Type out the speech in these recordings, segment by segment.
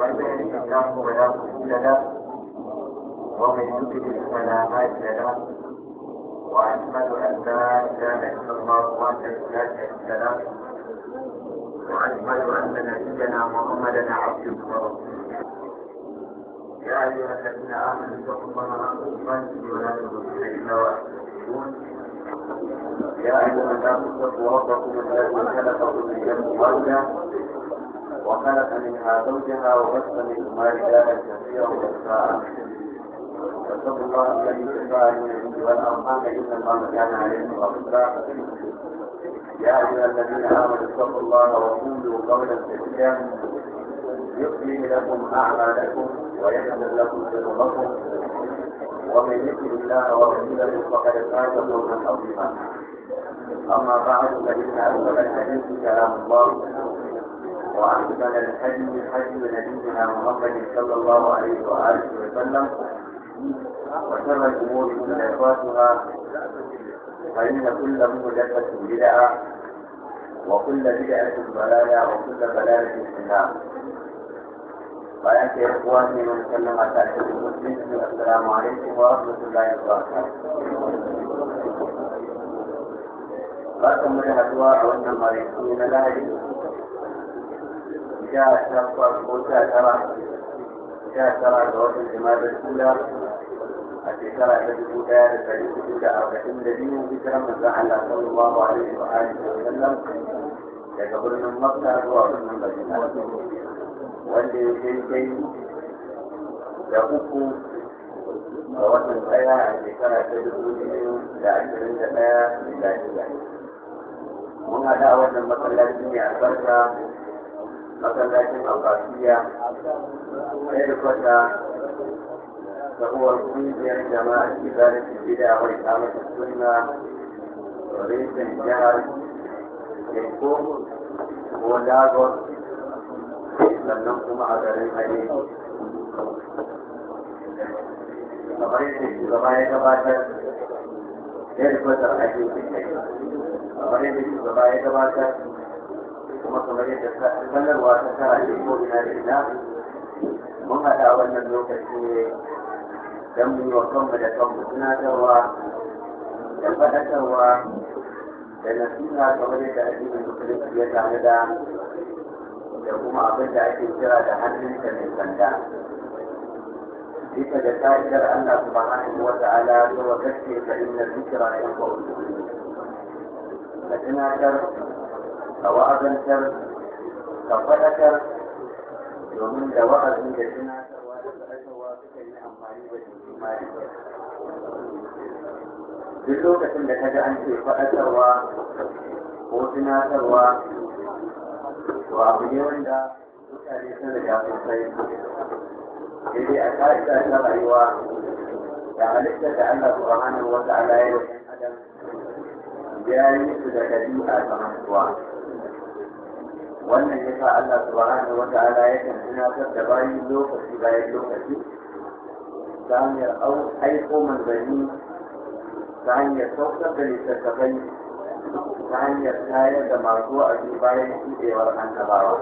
وذلك له ولا قبول ومن يدرك فلا هادي له ان لا اله الا الله وحده لا شريك له واشهد ان نبينا محمدا عبده ورسوله يا ايها الذين امنوا اتقوا الله حق تقاته ولا تموتن الا وانتم مسلمون يا ايها الناس اتقوا ربكم الذي خلقكم من نفس واحده وخلق منها زوجها وبث منهما رجالا كثيرا ونساء واتقوا الله الذي تساءلون به والارحام ان الله كان عليكم رقيبا يا ايها الذين امنوا اتقوا الله وقولوا قولا سديدا يصلح لكم اعمالكم ويغفر لكم ذنوبكم ومن يكن الله ورسوله فقد فاز فوزا عظيما اما بعد فان اول الحديث كلام الله وأحسن الحج حج نبينا محمد صلى الله عليه وآله وسلم وشر الأمور محدثاتها فإن كل محدثة بدعة وكل بدعة ضلالة وكل ضلالة في النار فيأتي إخواني من سلم على المسلم السلام عليكم ورحمة الله وبركاته. Barkan mu da haduwa a wannan maraice na lahadi Ya takwas ko sha tara sha tara ga watan jima'a kula a shekara ta dubu daya da dari hudu da arba'in da biyu hijiran manzon Allah sallallahu alaihi wa alihi wa sallam daga birnin Makka zuwa birnin Madina wanda ya kai da uku a watan ɗaya a shekara ta dubu biyu da ashirin da ɗaya da mun haɗa wannan masallaci ne albarka masallacin alfafiya sai da ta da uwar kungiyar jama'a ke zara ke gida a wani kamata suna rikin jihar teku ko lagos sannan kuma a garin hane kamar yadda shugaba ya gabatar sai da kwatar ake kamar yadda shugaba ya gabatar kuma kamar yadda sanarwa ta tara da ko ina da ina mun haɗa wannan lokaci ne don mu yi wa kanmu da kanmu tunatarwa da faɗakarwa da nasiha kamar yadda addinin musulunci ya tare da da kuma abin da ake kira da hannun ta mai sanda bisa da ta'idar Allah subhanahu wa ta'ala ta wa kace fa inna dhikra yanfa'u al-mu'minin ka tunatar kawaazan kar ka faɗakar domin da wa'azin da tunatarwa da faɗakarwa suka yi amfani da jimari duk lokacin da kaga an ce faɗakarwa ko tunatarwa to abu ne wanda mutane sun riga sun sai daidai a ka'ida ta rayuwa da halittar da Allah subhanahu wa ta'ala ya yi adam ya yi su da ɗabi'a ta mantuwa wannan ya sa Allah subhanahu wa ta'ala ya kan tunatar da bayi lokaci bayan lokaci ta hanyar aiko manzanni ta hanyar saukar da littattafai ta hanyar tayar da masu wa'azi bayan shuɗewar annabawa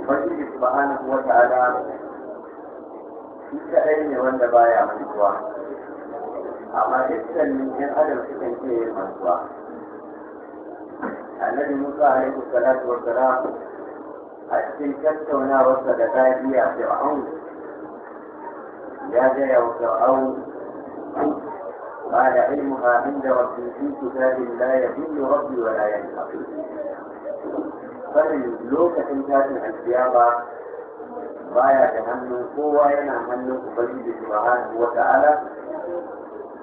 Ubangiji subhanahu wa ta'ala shi kaɗai ne wanda baya mantuwa amma dukkanin 'yan adam sukan ke mantuwa الذي موسى عليه الصلاه والسلام أحسن كبت هنا وصل تاجي فرعون يا جاي أو فرعون قال علمها عند ربي في كتاب لا يهل ربي ولا ينفقي بل لوكة كانت الحجابة ضايع جهنم قوة ينعمل قبيل سبحانه وتعالى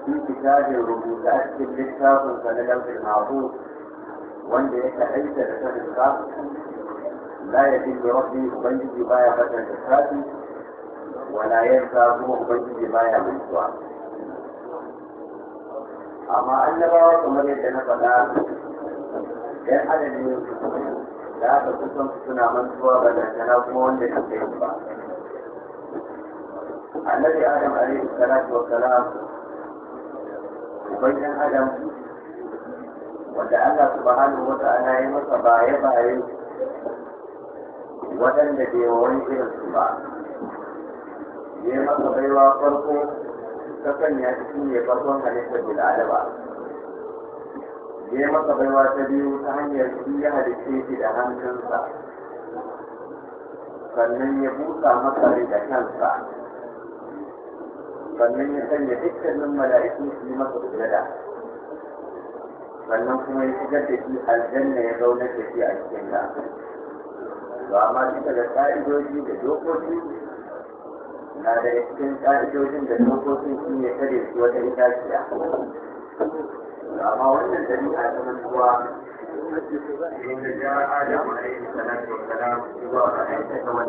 في كتاب الربوسات في الكتاب فنجم في المعروف wanda ya kaɗaita da ta lissafi la ya fi da rabbi ubangiji baya fata lissafi wala yansa kuma ubangiji baya mantuwa amma annabawa kamar yadda na faɗa ɗan adadin da aka kusan suna mantuwa ba da tana kuma wanda ya kai ba annabi adam alaihi salatu wa salam ubangijan adam wanda Allah subhanahu wa ta'ala ya masa baye baye waɗanda bai wani irin su ba ya masa baiwa farko ta sanya shi ne farkon halittar bil'adaba ya masa baiwa ta biyu ta hanyar shi ya halitta shi da hannunsa sannan ya busa masa da kansa sannan ya sanya dukkanin mala'iku su yi masa sujada sannan kuma ya shigar da shi aljanna ya zaunar da shi a cikin ta to amma duka da ƙa'idoji da dokoki na da cikin ƙa'idojin da dokokin shi ne tare su wata itaciya amma wannan ɗabi'a ta mantuwa إن جاء آدم عليه الصلاة والسلام وأنت تولى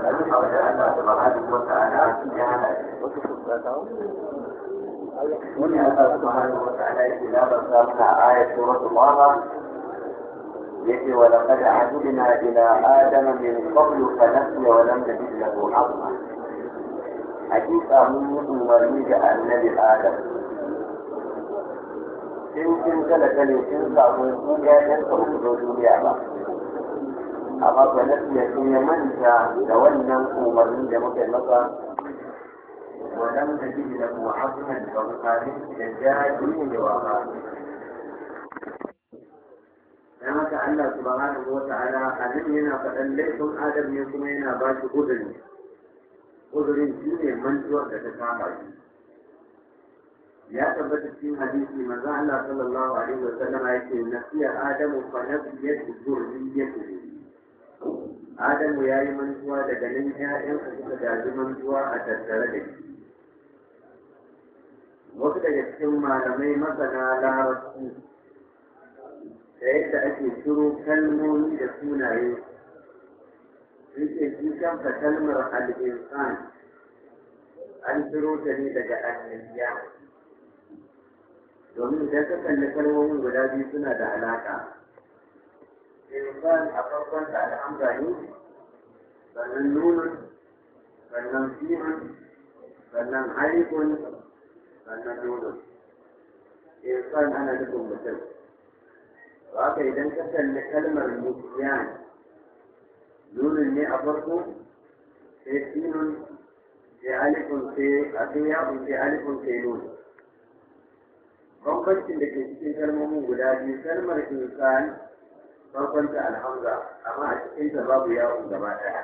الأرض وأنت سبحانه ya جعل muni a sarrafa hannun wata anayi na ba sa muna aya tsoron tsohon yake wa da kada a dubina ila adama min kwallo ka nasiya wa lam da bisa ko abuwa hakika mun yi umarni annabi adam sun kala kale sun samu su ɗayan ka duniya ba amma ka nasiya sun yi manta da wannan umarni da muke masa ولم تجد له عظما فمقارنه الجاهلين لواقعه dan haka Allah subhanahu wa ta'ala a nan yana faɗan laifin adam ne kuma yana ba shi uzuri uzurin shi da ta kama ya tabbata cikin hadisi manzo Allah sallallahu alaihi wa sallama yake nasiya adamu fa nabiyatu zurriyatu adamu yayi mantuwa daga nan ya'yan suka gaji mantuwa a tattare da shi wasu daga cikin malamai masana larabci da yadda ake turo kalmomi da sunaye sun ce shi kanka kalmar al'insan an turo ta ne daga al'insiya domin idan ka kalli kalmomin guda biyu suna da alaka insan a farkon da al'amra ne sannan nunan sannan fi'an sannan haifun sannan nono insan ana nufin mutum haka idan ka kalli kalmar nisyan nunin ne a farko sai sinun sai alifun sai a sai yawon sai alifun sai nono bambancin da ke cikin kalmomin guda biyu kalmar insan farkonta alhamza amma a cikin ta babu yawon gaba ɗaya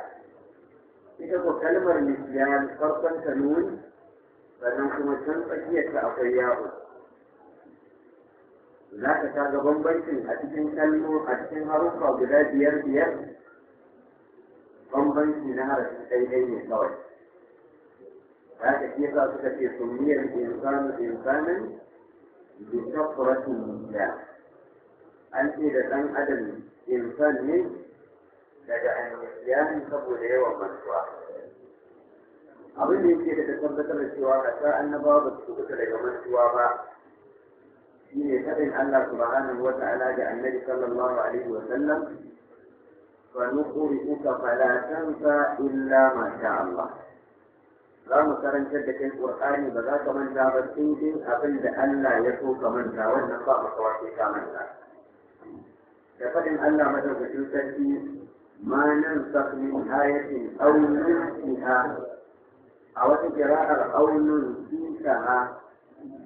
ita ko kalmar nisyan farkonta nun sannan kuma can tsakiyarta akwai yawo za ka kaga bambancin a cikin kalmo a cikin haruffa guda biyar biyar bambanci na harafin ɗaiɗai ne kawai za ka ke sa suka ce sunniyar insanu insanin bi kafratun da an ce da ɗan adam insan ne daga an saboda yawan mantuwa abin da yake da tabbatar da cewa ka sa annabawa ba su kuka daga mantuwa ba shi ne faɗin Allah subhanahu wa ta'ala da annabi sallallahu alaihi wa sallam fa nuqri'uka fala tansa illa ma sha Allah za mu karantar da kai qur'ani ba za ka manta ba sai dai abin da Allah ya so ka manta wannan ba ka wace ka manta da faɗin Allah madaukakin sarki ma nan sakmin ayatin aw nunsiha a wata kira'ar aunin fisaha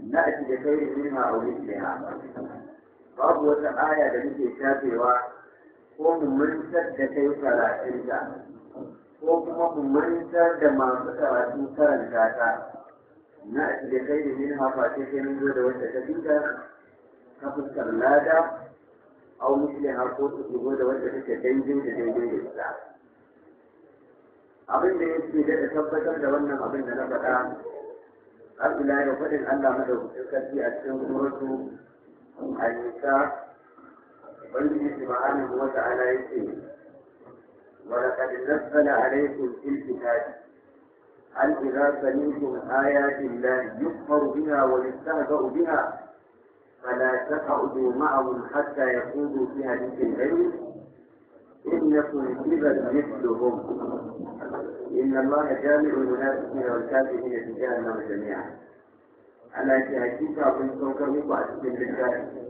na a cikin kai ne ma a wurin da babu wata aya da nake shafewa ko mummuntar da kai karatunta ko kuma mummuntar da masu karatu karanta ta na a cikin kai ne ma ba ta nuna mun zo da wata ta kafin ta fuskar lada a wurin da ko ta zo da wata take daidai da daidai da ita abin da yake da tabbatar da wannan abin da na faɗa Abdullahi ya faɗin Allah madaukakin sarki a cikin suratu Al-Nisa ubangiji subhanahu wa ta'ala yake wa laqad nazzala alaykum fil kitabi an idza sami'tum ayati llahi yukfaru biha wa yastahza'u biha fala taq'udu ma'ahum hatta yaqudu fi hadithin ghayrihi إن يكن كذبا مثلهم إن الله جامع المنافقين والكافرين في جهنم جميعا على تأكيد أظن سوكر مقعد من الكافر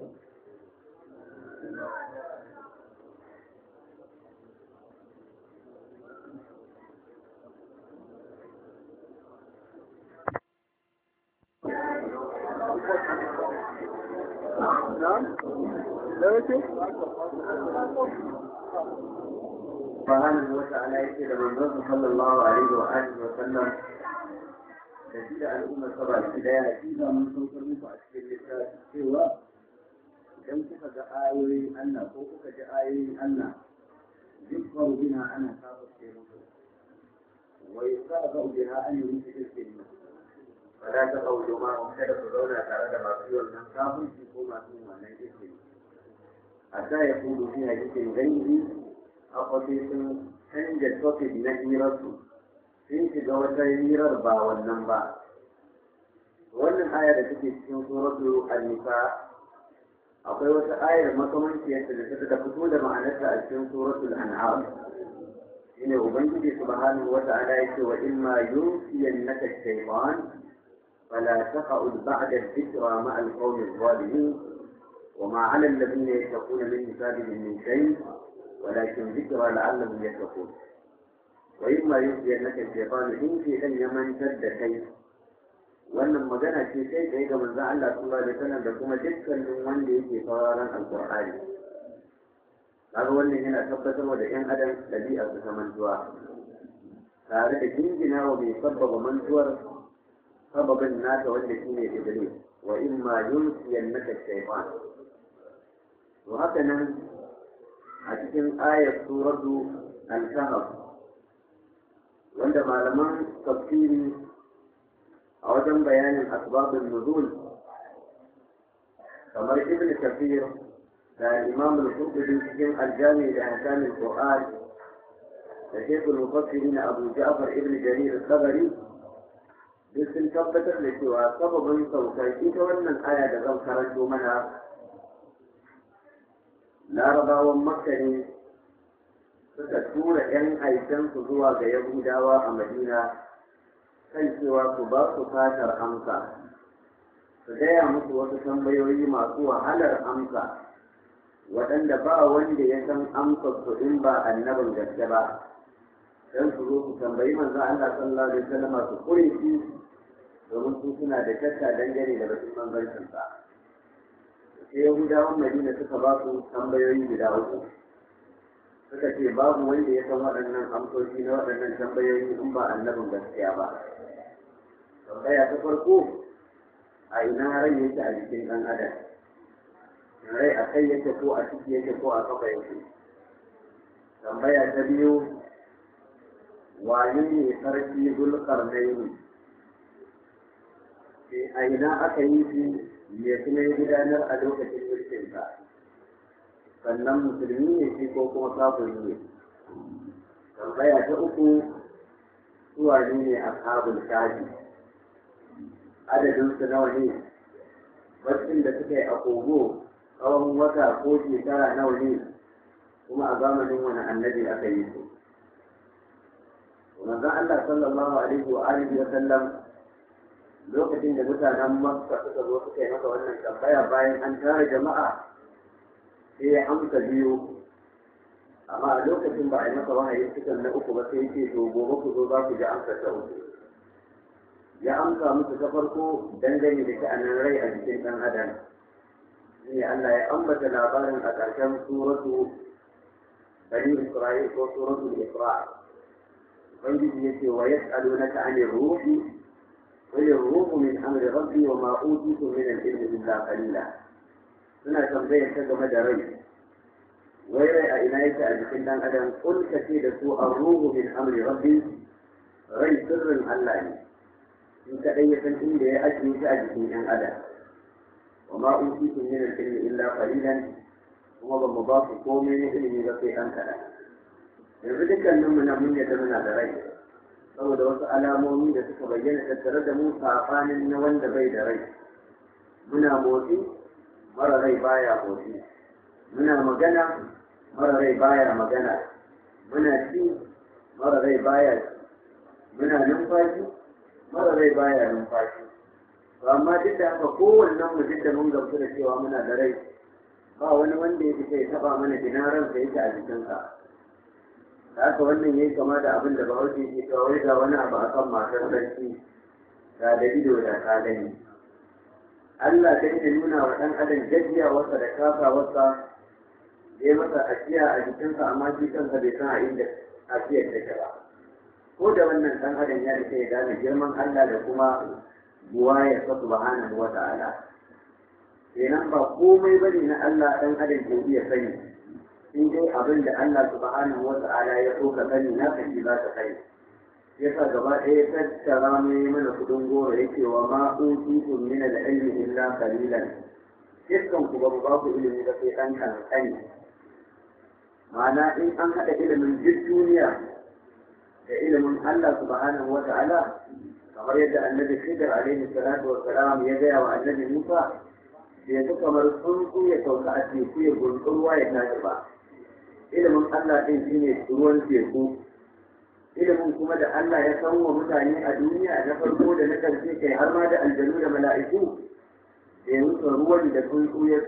Thank you. سبحانه وتعالى يجد من رضي صلى الله عليه وآله وسلم تجد الأمة سبع البداية إذا من سوكر مكو أشكل لسات سوى كم كفك آيوي أن فوقك آيوي أن يذكر بها أنا كافر شيء ويستغفر بها أن يمسك الكلمة فلا تقولوا ما هم كذا تدعون تعالى ما في والمن كافر في قوة ثم نجد الكلمة hatta ya kudu fi hadisin gaibi a kwafi sun canja topic na hirarsu sun shiga wata hirar ba wannan ba wannan aya da take cikin suratu an-nisa akwai wata ayar makamanciyarta da ta fito da ma'anarta a cikin suratul an'am shine ubangiji subhanahu wa ta'ala yake wa imma yunsiyannaka shaytan fala taqa'ud وما على الذين يتقون من حسابهم من شيء ولكن ذكرى لعلهم يتقون وإما ينسينك الشيطان إن في أن يمن شد شيء wannan magana ce sai kai ga manzo Allah sallallahu alaihi wasallam da kuma dukkanin wanda yake sauraron alqur'ani kaga wannan yana tabbatar da yan adam dabi'a su ta mantuwa tare da jingina wa mai sabbaba mantuwar sababin nata wanda shine iblis wa imma yunsiyannaka shaytan to haka nan a cikin ayar suratu al-kahf wanda malaman tafsiri a wajen bayanin asbabun nuzul kamar ibn kafir da imam al-qurtubi cikin aljami da hasan al-qur'an da shaykh al-mufassirin abu ja'far ibn jarir al-sabari duk sun tabbatar da cewa sababin saukar ita wannan aya da zan karanto mana larabawan makka ne suka tura ‘yan aikansu zuwa ga yahudawa a madina kan cewa su ba su fatar amsa su gaya musu wasu tambayoyi masu wahalar amsa waɗanda ba wanda ya san amsa su in ba annabin gaske ba don su zo su tambayi manzo Allah sallallahu alaihi wasallam su kure su, domin su suna da shakka dangane da batun manzon sai yahudawan madina suka ba su tambayoyi guda uku suka ce babu wanda ya san waɗannan amsoshi na waɗannan tambayoyi in ba annabin gaskiya ba tambaya ta farko a ina rai yake a jikin ɗan adam rai a kai yake ko a ciki yake ko a kafa yake tambaya ta biyu wane ne sarki zulkar ne a ina aka yi shi me kuma yi gudanar a lokacin mulkinsa sannan musulmi ne shi ko kuma kafin ne tambaya ta uku suwa ne a kabul shaji adadinsu nawa ne baccin da suka yi a kogo tsawon wata ko shekara nawa ne kuma a zamanin wani annabi aka yi su manzon Allah sallallahu alaihi wa alihi wa sallam lokacin da mutanen makka suka zo suka yi maka wannan tambaya bayan an tara jama'a sai ya amsa biyu amma a lokacin ba a yi maka wahayi cikin na uku ba sai yake to gobe ku zo za ku ji amsa ta uku ya amsa musu ta farko dangane da sha'anin rai a jikin ɗan adam ne Allah ya ambata labarin a ƙarshen suratu bani Isra'il ko suratu Wani Ubangiji yake ce wa na anir ruhi ويروه من أمر ربي وما أوتيت من العلم إلا قليلا suna tambayar ta game da rai wai rai a ina yake a jikin dan adam kun ce da su a ruhu min amri rabbi rai sirrin Allah ne in kadai ya san inda ya ajiye shi a jikin yan adam wa ma utitu min al-ilmi kuma mu ba su komai na ilimi ba sai na muna da rai saboda wasu alamomi da suka bayyana tattare da mu safanin na wanda bai da rai muna motsi mara rai baya motsi muna magana mara rai baya magana muna ci mara rai baya ci muna numfashi mara rai baya numfashi to amma duk da haka kowannen mu duk da mun gamsu da cewa muna da rai ba wani wanda ya fi ya taba mana ginaran sa yake a jikinsa da aka wannan yayi kama da abin da bahaushe ke kawai ga wani abu kan matar sarki ga da ido da ka gani Allah ta yi nuna wa ɗan adam gajiyawarsa da kasawarsa ya masa ajiya a jikinsa amma shi kansa bai san a inda ajiyar take ba ko da wannan ɗan adam ya rike ya gane girman Allah da kuma buwayar sa subhanahu wa ta'ala kenan ba komai bane na Allah ɗan adam ke iya sani in dai abin da Allah subhanahu wa ta'ala ya so ka sani na kashi za ka sani gaba ɗaya tattara mai mana kudin goro yake wa ma utitum min al-ilmi illa qalilan ku ba ba ku ilimi ba sai an kan ma'ana in an haɗa ilimin duk duniya da ilimin Allah subhanahu wa ta'ala kamar yadda annabi Khidir alaihi salatu wa salam ya gaya wa annabi Musa bai fi kamar sun ya sauka a teku ya gurgurwa ya tashi ba ilimin Allah ɗin shi ne ruwan teku ilimin kuma da Allah ya san wa mutane a duniya na farko da na ƙarshe kai har ma da aljanu da mala'iku da ya ruwan da tsuntsu ya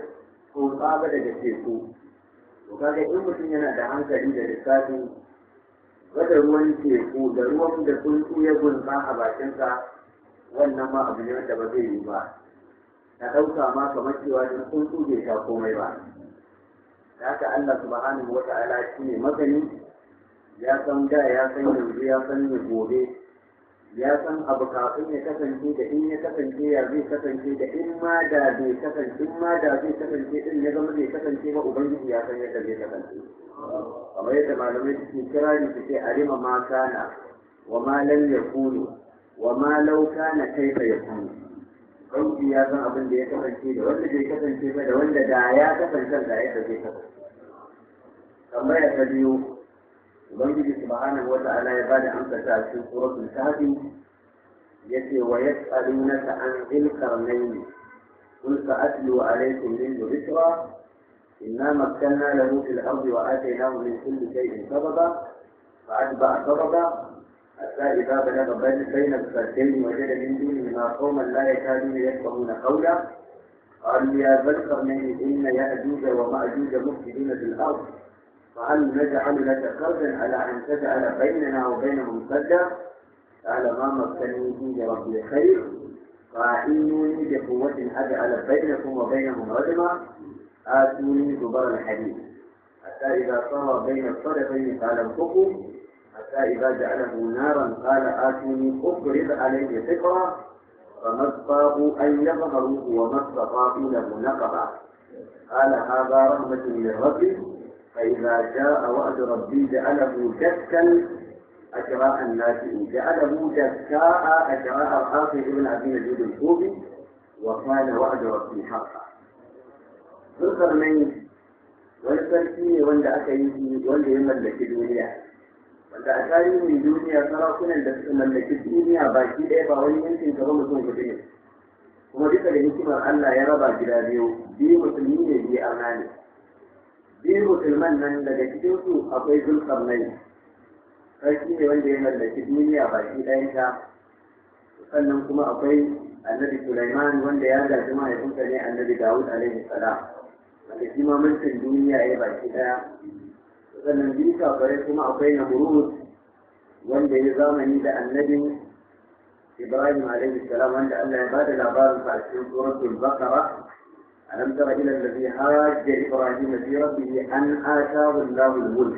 tsotsa ba daga teku to kaga in mutum yana da hankali da lissafi wata ruwan teku da ruwan da tsuntsu ya gunsa a bakinsa wannan ma abu ne wanda ba zai yi ba na ɗauka ma kamar cewa tsuntsu bai sha komai ba haka Allah subhanahu wa ta'ala shi ne magani ya san da ya san yanzu ya san ne gobe ya san abu kafin ya kasance da in ya kasance ya zai kasance da in ma da zai kasance in ma da zai kasance din ya zama zai kasance ba ubangiji ya san yadda zai kasance kamar yadda malamai suke kira ni suke arima ma kana wa ma lam yakunu wa ma law kana kaifa yakunu sauki ya san abin da ya kasance da wanda bai kasance ba da wanda da ya kasance da ya kasance tambaya ta biyu ubangiji subhanahu wata'ala ya bada amsa ta cikin suratul kahfi yace wa yas'alunaka an dhil qarnayn قل سأتلو عليكم منه ذكرا إنا مكنا له في الأرض وآتيناه من كل شيء سببا فأتبع سببا حتى إذا بلغ بين الفردين وجد من دونهما قوما لا يكادون يفقهون قولا قالوا يا ذا القرنين إن يأجوج ومأجوج مفسدون في الأرض فهل نجعل لك خرجا على أن تجعل بيننا وبينهم سدا قال ما مكنني فيه ربي خير فإنوني بقوة أجعل بينكم وبينهم رجما آتوني زبر الحديد حتى إذا صار بين الصدفين فعلى الحكم حتى إذا جعله نارا قال آتني أفرغ عليه فكرة فما استطاعوا أن يظهروه وما استطاعوا له نقبا قال هذا رحمة من ربي فإذا جاء وعد ربي جعله جكا أجراء الناس جعله جكاء أجراء الحافظ بن عبد العزيز الكوفي وكان وعد ربي حقا ذكر من wani sarki ne wanda aka الدنيا wanda a tarihin duniya sarakunan da suka mallaki duniya baki ɗaya ba wani yankin ka ba mutum guda ne kuma duka da hikimar Allah ya raba gida biyu biyu musulmi ne biyu arna ne biyu musulman nan daga cikin su akwai zulkarnai sarki ne wanda ya mallaki duniya baki ta? sannan kuma akwai annabi Sulaiman wanda ya gaji mahaifinsa ne annabi Dawud alaihi salam wanda shi ma mulkin duniya ya baki ɗaya sannan biyu kafare kuma akwai na burut wanda ya zamani da annabin ibrahim alaihi salam allah ya ba da labarin sa a cikin suratul bakara a nan tara ila lafi hajjar ibrahim fi rabbihi an atahu allahu almulk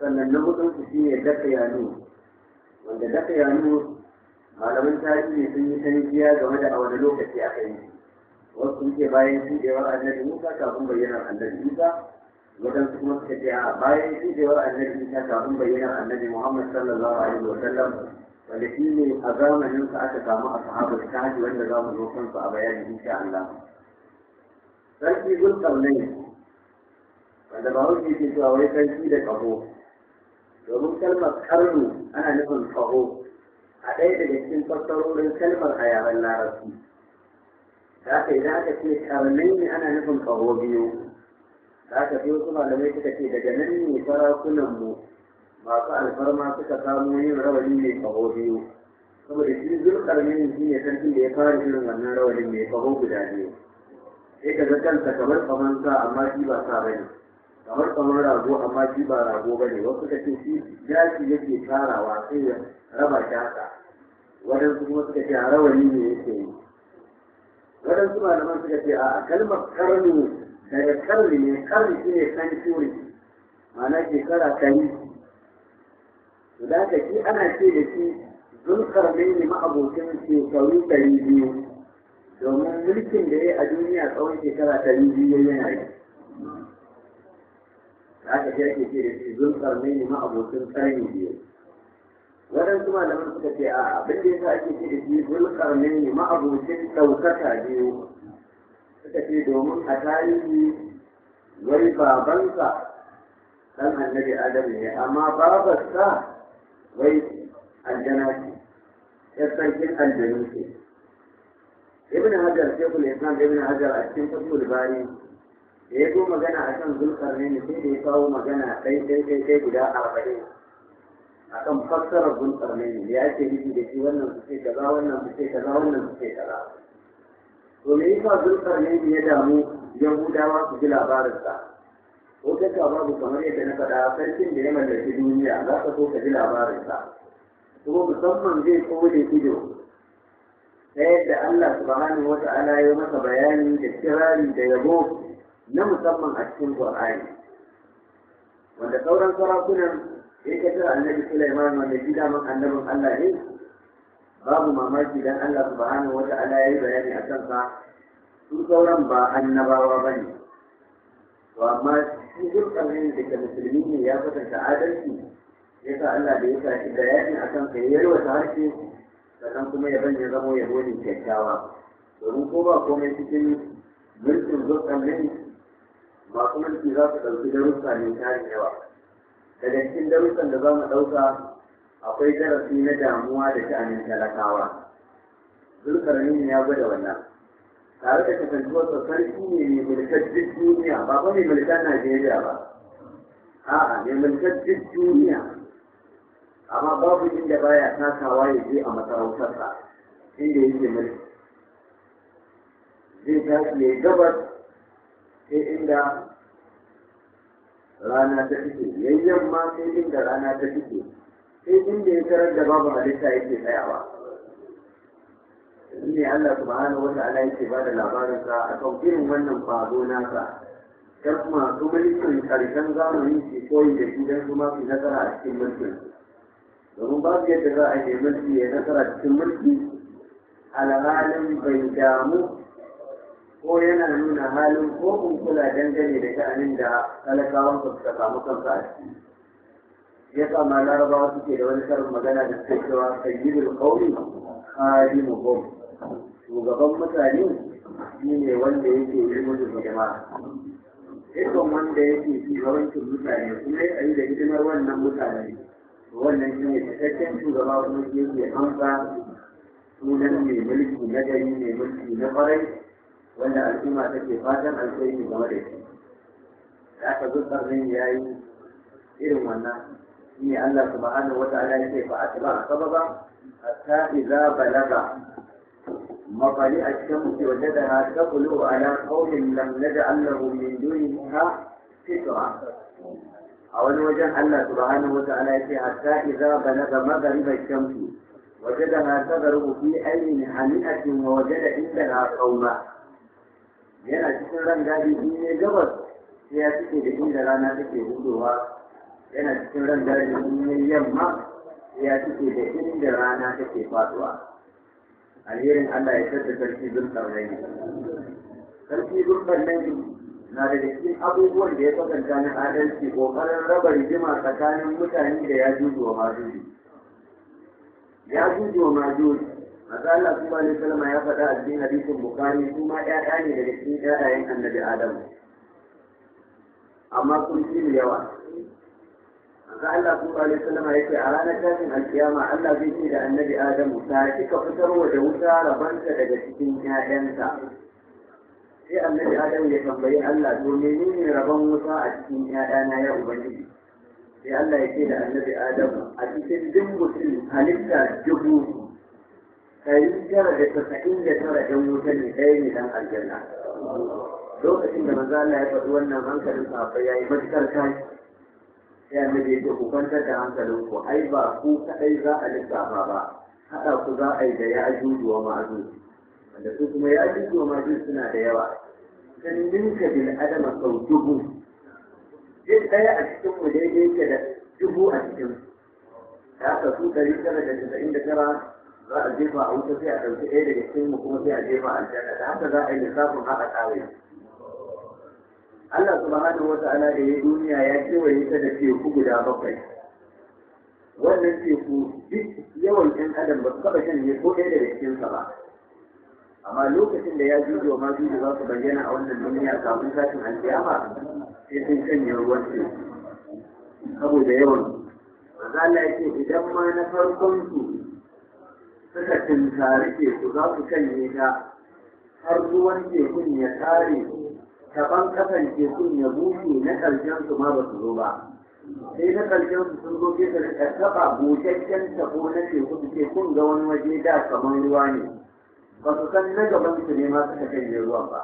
sannan na hudun shine daka wanda daka yanu malaman tarihi sun yi tanjiya game da a wani lokaci a kai wasu suke bayan shi da yawan annabi musa kafin bayyanar annabi musa wajen kuma suka ce a bayan shigewar annabi ta samu bayyana annabi muhammad sallallahu alaihi wa sallam wanda shi ne a zamanin sa aka samu a sahabar kaji wanda za mu zo kansu a bayani insha Allah sarki zulkarnai wanda ba wuce ke cewa wai sarki da kaho domin kalmar karnu ana nufin kaho a ɗaya daga cikin fassarorin kalmar a yaren larabci da aka idan aka ce karnai ne ana nufin kaho biyu da aka fi wasu malamai suka ce daga nan ne sarakunan mu masu alfarma suka samu yin rawani mai kaho biyu saboda shi ne shi ne sarkin da ya fara irin wannan rawanin mai kaho guda biyu sai ka ga kansa kamar kaman sa amma shi ba sa bane kamar kamar rago amma shi ba rago bane wasu suka ce shi ya yake tarawa sai ya raba shi haka waɗansu kuma suka ce a rawani ne yake yi waɗansu malaman suka ce a kalmar karnu daga karni ne karni shi ne century ma'ana shekara kari da ka shi ana ce da shi zulkar ne ma'abokin shekaru ɗari biyu domin mulkin da ya a duniya tsawon shekara ɗari biyu yana yi da aka ce ake ce da shi zulkar ne ma'abokin karni biyu waɗansu malaman suka ce a abin da ya sa ake ce da shi zulkar ne ma'abokin ɗaukaka biyu suka ce domin a tarihi wai babansa ɗan annabi adam ne amma babarsa wai aljana ce ‘yar sarkin aljanu ce ibn hajar shekul islam ibn hajar a cikin fasul bari da ya zo magana a kan ne sai da ya kawo magana kai-kai-kai guda arba'in a kan fassarar da ya ce yi da shi wannan su ce kaza wannan su ce kaza wannan su ce kaza to me yasa zulkar ne ya damu yahudawa su ji labarinsa ko ta ka babu kamar yadda na faɗa sarkin da ya mallaki duniya za ka so ka ji labarinsa kuma musamman zai kode ido ta yadda Allah subhanahu wa ta'ala ya masa bayani da kirari da yabo na musamman a cikin Qur'ani wanda sauran sarakunan ya kasar annabi Sulaiman wanda gida man annabin Allah ne babu mamaki dan Allah subhanahu wa ta'ala yi bayani a kansa su sauran ba annabawa bane to amma shi duk ne da ke musulmi ne ya fata adalci yasa Allah da ya sa shi bayani a kansa ya yarwata harshe sannan kuma ya banya zamo ya gode kyakkyawa domin ko ba komai cikin mulkin zurkan ne masu mulki za su ɗauki darussa ne ta yawa daga cikin darussan da za mu ɗauka akwai darasi na damuwa da sha'anin talakawa zulkarni ne ya gwada wannan tare da kasantuwar sarki ne mai mulkar duk duniya ba ba mai mulkar najeriya ba a'a mai mulkar duk duniya amma babu inda baya takawa ya je a masarautarsa inda yake mulki zai tashi ya gabas sai inda rana ta fito yayyan ma sai inda rana ta fito sai inda ya tarar da babu halitta yake tsayawa ne Allah subhanahu wata'ala yake ba da labarinsa a kan irin wannan bazo nasa kar masu mulkin karshen zamani ke koyi da shi don su ma su nasara a cikin mulkin domin babu yadda za a yi mulki ya nasara cikin mulki alhalin bai damu ko yana nuna halin ko kula dangane da sha'anin da talakawan su suka samu kansa a ciki ya ma larabawa suke da wani karin magana da suke cewa sayyidul qawli khalimu qawm shugaban mutane shine wanda yake yi musu hidima dukkan wanda yake shugabancin mutane kuma ya yi da hidimar wannan mutane wannan shine cikakken shugaba kuma shi yake amsa sunan mai mulki na gari mai mulki na kwarai wanda al'umma take fatan alkhairi game da shi. Da aka zo ya yi irin wannan shine Allah subhanahu wa ta'ala yake fa atba sababa hatta idza balaga a cikin mutum wanda da ha ta kulu a nan kawin lam na da Allah min duni ha fitowa a wani wajen Allah subhanahu wa ta'ala yake hatta idza balaga magari mai shamsu wajen da ha ta garu fi ainihin hamiyatin wa wajen da inda na kauma yana cikin ran gadi ne gabas sai ya suke da inda rana take hudowa yana cikin ran dare in yamma ya cike da inda rana take faduwa alherin Allah ya tattata sarki zurfar nan sarki zurfar nan na da cikin abubuwan da ya kwatanta na adalci kokarin raba rigima tsakanin mutane da ya jujuwa majuri ya jujuwa majuji majuri Allah kuma bani salama ya faɗa a cikin hadisin Bukhari kuma ma ‘ya'ya ne daga cikin ‘ya'yayen annabi adamu. amma kun fi yawa manzo Allah sallallahu alaihi wasallam yake a ranar tashin alkiyama Allah zai ce da annabi Adamu ta kika fitarwa da wuta rabanta daga cikin ƴaƴanta sai annabi Adamu ya tambayi Allah to menene rabon wuta a cikin ƴaƴana ya ubangiji sai Allah ya ce da annabi Adamu a cikin duk mutum halitta dubu ɗari tara da tasa'in da tara ɗan wuta ne ɗaya ne ɗan aljanna lokacin da maza Allah ya faɗi wannan hankalin sahabbai ya yi matuƙar sai da yake ku kwantar da hankalinku ai ba ku kadai za a lissafa ba haɗa ku za a yi da ya juduwa ma'azu wanda su kuma ya juduwa ma'azu suna da yawa kan ninka bil adama sau dubu jin ɗaya a cikin mu daidai ke da dubu a cikin ka aka su ɗari tara da casa'in da tara za a jefa a wuta sai a ɗauki ɗaya daga cikin mu kuma sai a jefa aljanna da haka za a yi lissafin haɗa ƙawai Allah subhanahu wa ta'ala da ya duniya ya kewaye ta da teku guda bakwai wannan teku duk yawan ɗan adam ba su taɓa shan ko ɗaya daga cikinsa ba amma lokacin da ya jujo ma jujo za su bayyana a wannan duniya kafin tashin alƙiyama sai sun shanye ruwan teku saboda yawan maza Allah ya ce idan ma na farkon su suka tunkari teku za su shanye ta har ruwan tekun ya tare su taban kasan tekun ya bushe na ƙarshen su ma ba su zo ba sai na ƙarshen su sun zo sai da taɓa busasshen tabo na tekun tekun ga wani waje da kamar ruwa ne ba su san na gaban su ne ma suka canje ruwan ba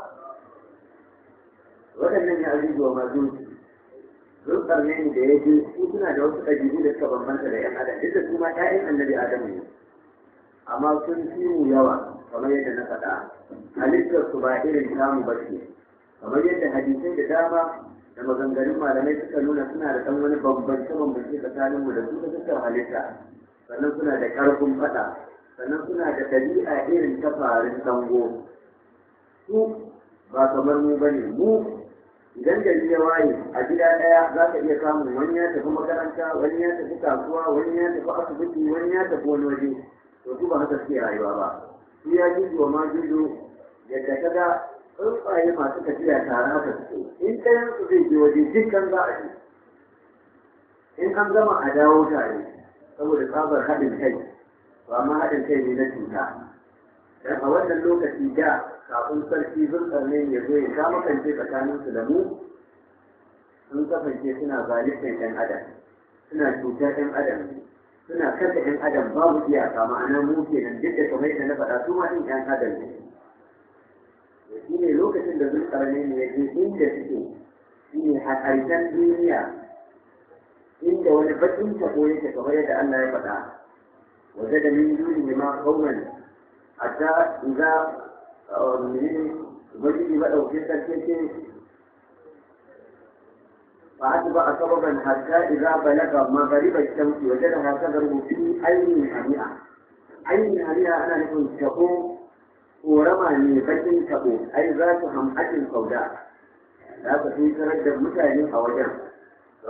waɗannan ya azizu wa mazuci sun ƙarni ne da ya je su suna da wasu ɗabi'u da suka bambanta da 'yan adam duk da su ma 'ya'yan annabi adamu ne amma sun fi mu yawa kamar yadda na faɗa halittar su ba irin tamu ba ce kamar yadda hadisai da dama da maganganun malamai suka nuna suna da ɗan wani bambance bambance tsakanin mu da su da suka halitta sannan suna da ƙarfin faɗa sannan suna da ɗabi'a irin ta farin sango su ba kamar mu bane mu idan da ya waye a gida ɗaya za ka iya samun wani ya tafi makaranta wani ya tafi kasuwa wani ya tafi asibiti wani ya tafi wani waje to su ba haka suke rayuwa ba su ya ji ma juju yadda ka ga tsuntsaye masu tafiya tare haka suke in ɗayan su zai je waje dukkan za a je in an gama a dawo tare saboda tsabar haɗin kai ba ma haɗin kai ne na cuta dan a wannan lokaci da kafin sarki zurtsar ne ya zo ya kama kance tsakaninsu da mu sun kasance suna zaluntar ɗan adam suna cutar ɗan adam suna kasa ɗan adam babu iyaka ma'ana mu kenan duk da kamar yadda na faɗa su ma ɗin ɗan adam ne shi ne lokacin da zulkarni ne ya je inda suke shi ne a ƙarshen duniya inda wani bakin tabo yake kamar yadda Allah ya faɗa waje da min duni ma kauman hatta idza um, ubangiji maɗaukin sarki ce ba a ba a sababan hatta idza balaga magaribar shamsi waje da haka garbu fi ainihin hami'a ainihin hami'a ana nufin tabo korama ne bakin tabo ai za su hamakin kauda za ka fi tarar da mutane a wajen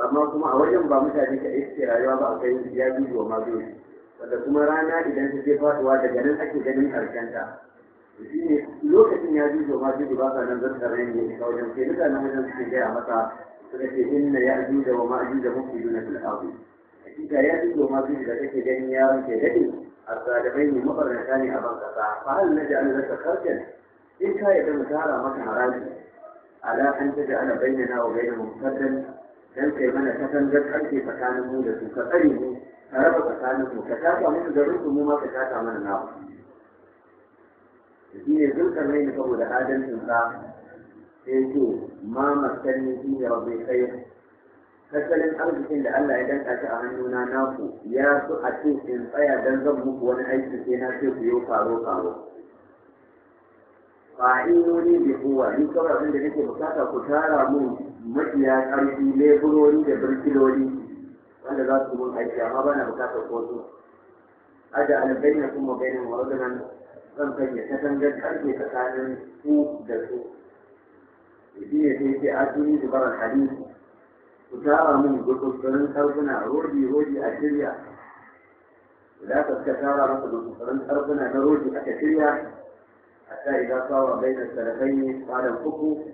amma kuma a wajen ba mutane ka iske rayuwa ba a kai ya bi ma biyu wanda kuma rana idan ta ke faduwa daga nan ake ganin karshen ta lokacin ya bi ma biyu ba sa nan zartar ne ta wajen sai mutanen wajen suke gaya masa suka ce inna ya bi da ma biyu da mafi juna fil abu hakika ya bi ma biyu da kake ganin yaron ke daɗe الظالمين مقرنتان أبان قطاع فهل نجعل لك خرجا إن كان مكارا مك حراجا ألا أن تجعل بيننا وبينهم سدا dan kai mana katangar karfe tsakanin mu da su ka tsare mu ka raba tsakanin mu ka taka mu garin mu ma ka taka mana nawa shi ne zulkarnai ne saboda adalcin sa sai ce ma masani shi ne rabbi khair tattalin arzikin da Allah ya danka shi a hannuna naku ya su a ce in tsaya don zan muku wani aiki sai na ce ku yi karo karo fa'inoni bi kowa ni kawai abin da nake bukata ku tara mun majiya karfi, leburori da birkiloli wanda za su mun aiki amma bana bukatar ko su aja albaina kuma bainan wa zan zan sanya katangar karfe tsakanin ku da su shi ne sai sai asiri barar hadisi ku tara min gurgurgarin karfuna rodi rodi a shirya idan ka ka tara masa gurgurgarin karfuna na rodi a shirya hatta idan sawa bai da sarafai ne kwanan kuku.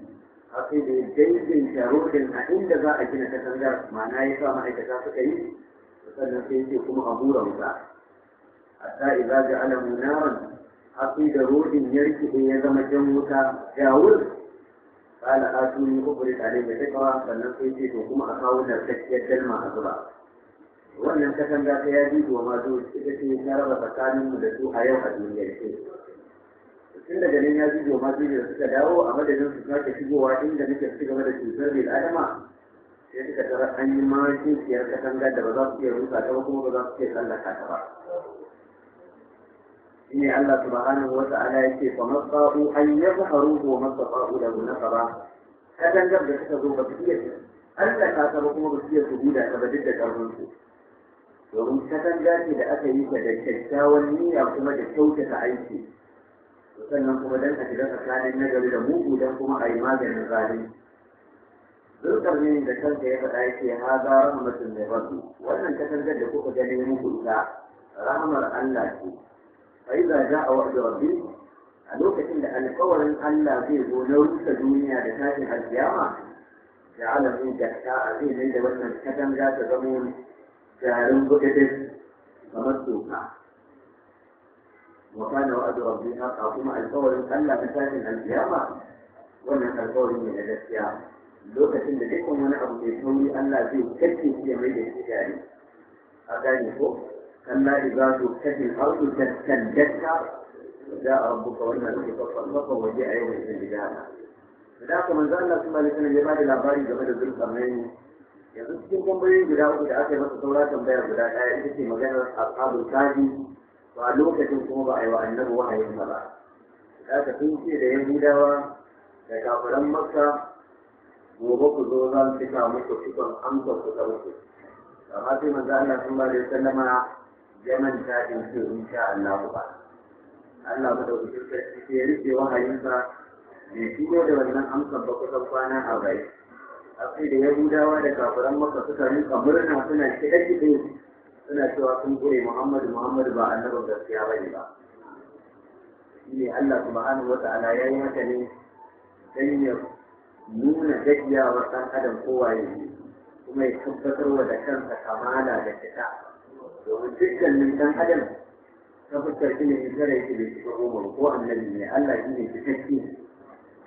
har sai da daidaita rodin a inda za a gina katangar ma'ana ya sa ma'aikata suka yi sannan sai ce kuma a hura wuta A hatta idan ja'ala munaran har hafi da rodin ya ya zama jan wuta jawur قال آتوني أبرد عليه ذكرى sannan sai ce to kuma a kawo narkakkiyar dalma a zuba wannan katanga ta yaji wa ma zo ita ce ta raba tsakanin mu da su a yau a duniyar ce tun daga nan ya jigo ma jigo da suka dawo a madadin su sake shigowa inda muke ci gaba da cutar bil adama sai suka tara an yi ma katanga da ba za su iya rusa ta ba kuma ba za su iya tsallaka ta ba shine Allah subhanahu wa ta'ala yake fa masqa'u an yadhharuhu wa masqa'u lahu nasaba kadangar da suka zo ba su iya Allah ka saba kuma ba su iya su huda ta ba duk da karfin su domin katanga ce da aka yi ta da kyakkyawan niyya kuma da kyautata aiki sannan kuma dan a shiga tsakanin nagari da mugu dan kuma a yi maganin zalunci zurkar ne da kanka ya faɗa yake ha za rahmatun mai rabbi wannan katangar da kuka gani muku ita rahmar Allah ce فإذا جاء وعد ربي ألوك إلا أن قولا ألا في ظنون الدنيا لتاتها الزيارة جعل من جحتاء في ليلة وسن كتم لا تزمون جعل من بكتب فمسوكا وكان وعد ربي حقا ثم القول ألا تاتها الزيارة ومن القول من الاختيار لوك إلا لكم ونعم أن ألا في كتب في ميلة التجاري أغاني فوق أما إذا دكت الأرض تتكدتها جاء ربك والملك فصلت وجاء يومئذ الجبال فذاك من ذا الله ثم لسنا الجبال إلى باري جمال ذو القرنين يذكركم كمبري بلا وقت آخر ما تطورات بلا بلا آية في مجال أصحاب الكاجي وعلوه كتنكم وعي وأنه وحي الملا لا تكون في ريان هدوى لكافر مكة وبوك زوزان تكامل تشكر أمسك تتوكل فهذه من ذا الله ثم لسنا ya ta in ce in sha Allah ba Allah ba da wucin sarki sai ya rike wahayinsa bai da wannan amsar ba kusan kwana a a sai da yahudawa da kafiran maka suka rinka murna suna kiɗe-kiɗe suna cewa sun ƙure Muhammadu Muhammadu ba da gaskiya ba ne ba. Shine Allah subhanahu wa ta'ala ya yi haka ne don ya nuna gajiyawar ɗan adam kowa ya yi kuma ya tabbatar wa da kansa kamala da kita. domin dukkanin ɗan adam ta fuskar ilimi kare yake da cikin umar ko annabi ne Allah shi ne cikakke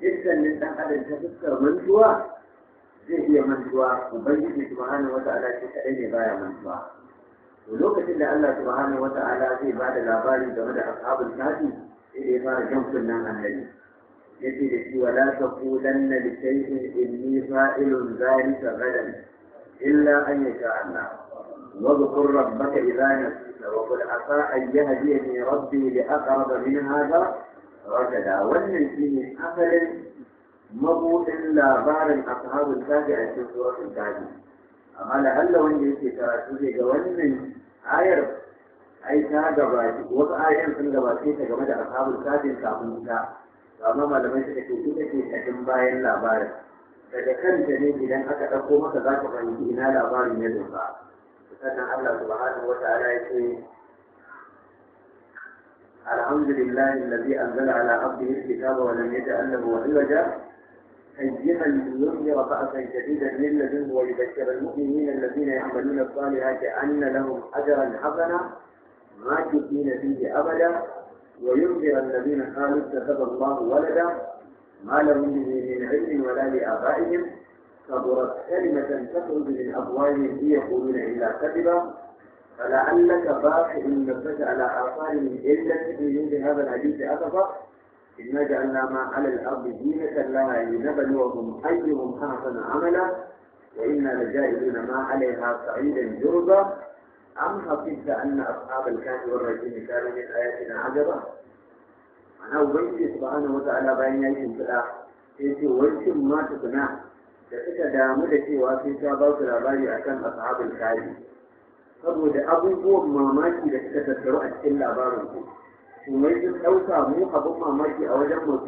dukkanin ɗan adam ta fuskar mantuwa zai iya mantuwa ubangiji subhanahu wa ta'ala shi kaɗai ne baya mantuwa to lokacin da Allah subhanahu wa ta'ala zai ba da labari game da ashabul kafi sai ya fara jan kunnen annabi yace da shi wala taqulanna li shay'in inni fa'ilun dhalika ghadan illa an yasha Allah واذكر ربك إذا نسيت وقل عسى أن يهديني ربي لأقرب من هذا رشدا wannan shine asalin mabuɗin labarin ashabul kafi a cikin suratul kafi amma da Allah wanda yake karatu zai ga wannan ayar ai ta wasu ayoyin sun gabace ta game da ashabul kafi kafin ta amma malamai suka ce ita ce kashin bayan labarin daga kanta ne idan aka ɗauko maka za ka fahimci ina labarin ya dosa الحمد لله الذي أنزل على عبده الكتاب ولم يجعل له عوجا تنزيها لينذر بأسا شديدا من لدنه ويبشر المؤمنين الذين يعملون الصالحات أن لهم أجرا حسنا ما تكين فيه أبدا وينذر الذين قالوا اتخذ الله ولدا ما لهم به من علم ولا لآبائهم كبرت كلمة تخرج من أبواب يقولون إلا كذبا فلعلك باقع نفسك على من إلا تجد هذا الحديث أسفا إنا جعلنا ما على الأرض زينة لها لنبلوهم أيهم أحسن عملا وإنا لجائزون ما عليها صعيدا جرزا أم حسبت أن أصحاب الكهف والرجيم كانوا من آياتنا عجبا أنا وجهي سبحانه وتعالى بين يدي الفلاح يجي وجه ما تقنع da suka damu da cewa sai ta ba su labari akan ashabul kari saboda abubuwan mamaki da suka tattaru a cikin labarin ku mai sun ɗauka mu abin mamaki a wajen mu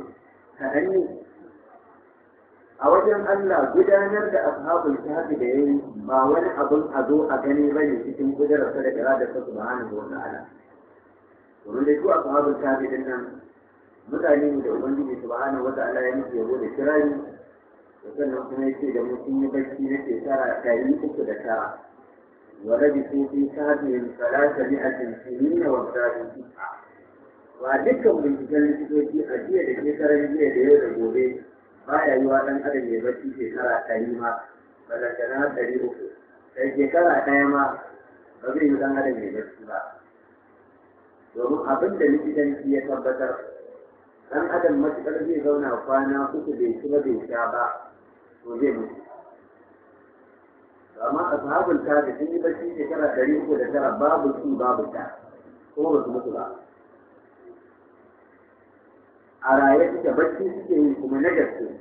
kaɗan ne a wajen Allah gudanar da ashabul kari da ya yi ba wani abin a zo a gani bane cikin sa da iradarsa subhanahu wa ta'ala domin da su ashabul kari din nan mutane ne da ubangiji subhanahu wa ta'ala ya nufi yabo da kirari sannan kuma yake da mutum yi barci na shekara ɗari uku da tara wadda bi sun fi sabirin salata bi a jinsini na wata tisa Wa dukkan binciken likitoci a jiya da shekarar jiya da yau da gobe ba ya yi wa ɗan adam ya barci shekara ɗari ma balantana ɗari uku sai shekara ɗaya ma ba zai yi ɗan adam ya barci ba domin abin da likitanci ya tabbatar ɗan adam matuƙar zai zauna kwana uku bai ci ba bai sha ba to zai mutu amma ashabul kafi sun yi barci shekara ɗari uku da tara babu su babu ta ko ba su mutu ba a raye suke barci suke yi kuma na gaske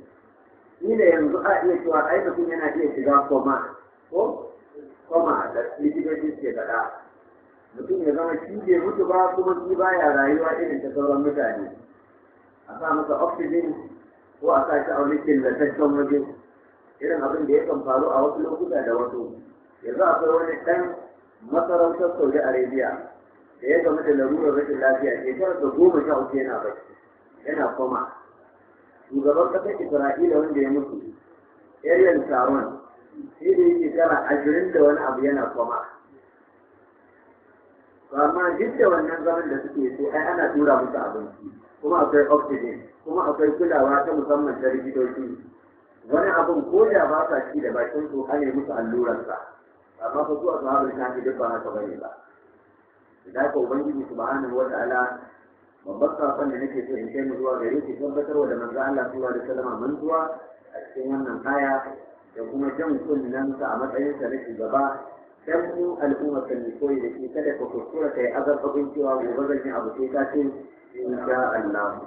ni da yanzu a iya cewa ai mutum yana iya shiga koma ko koma da likitoci suke faɗa mutum ya zama shi bai mutu ba kuma shi baya rayuwa irin ta sauran mutane a sa masa oxygen ko a sa shi a wani killataccen waje irin abin da yakan faru a wasu lokuta da wasu yanzu akwai wani ɗan masarautar saudi arabia da ya gama da larurar rashin lafiya shekarar da goma sha uku yana bai yana koma shugaban ƙasar isra'ila wanda ya mutu ariel sharon shi da yake shekara ashirin da wani abu yana koma amma duk da wannan zaman da suke so ai ana tura musu abinci kuma akwai oxygen kuma akwai kulawa ta musamman ta likitoci wani abin ko da ba sa ci da bakin su ana musu allurarsa amma fa su ashabul shafi duk ba haka bane ba da ka ubangiji subhanahu ala, babbar sakon da nake so in kai mu zuwa gare ku tabbatar da manzo Allah sallallahu alaihi wasallam manzuwa a cikin wannan aya da kuma jan kunnen sa a matsayin sa na shugaba dan ku al'umma kan ni koyi da ke kada ka kuskura kai azabin cewa gobe zan yi abu sai ka ce insha Allah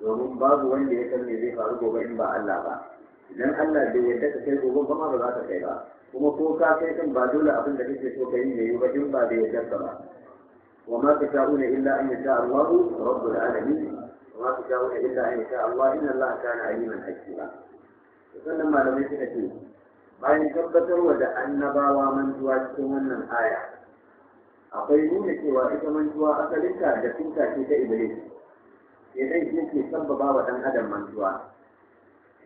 domin babu wanda ya san zai faru gobe in ba Allah ba idan Allah bai yarda ka kai gobe ba ba za ka kai ba kuma ko ka kai kan ba dole abin da kake so ka yi ne ba in ba da yadda ka ba wa ma tashauna illa an yasha Allah rabbul alamin wa ma tashauna illa an yasha Allah inna Allah kana aliman hakima sannan malamai suka ce bayan tabbatarwa da annabawa mantuwa cikin wannan aya akwai nuna cewa ita mantuwa asalinta da tunta ce ta iblis sai dai yake sabbaba wa dan adam mantuwa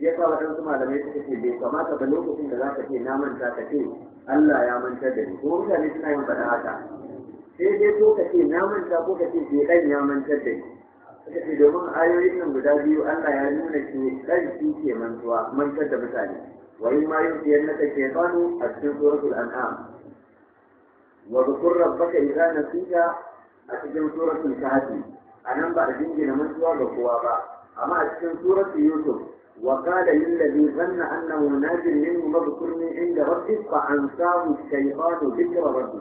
ya sa waɗansu malamai suka ce bai kamata ba lokacin da za ka ce na manta ka ce Allah ya manta da ni kuma mutane suna yin faɗa haka sai dai ko ka ce na manta ko ka ce ke ɗan ya manta da ni ka ce domin ayoyin nan guda biyu Allah ya nuna ke ɗan shi ke mantuwa mantar da mutane wani ma yin siyar na kake fano a cikin suratul an'am wa zukur rabbaka idza nasita a cikin suratul kahfi anan ba a jingina mantuwa ga kowa ba amma a cikin suratul yusuf وقال للذي ظن أنه ناج منه مذكرني عند ربه فأنساه الشيطان ذكر ربه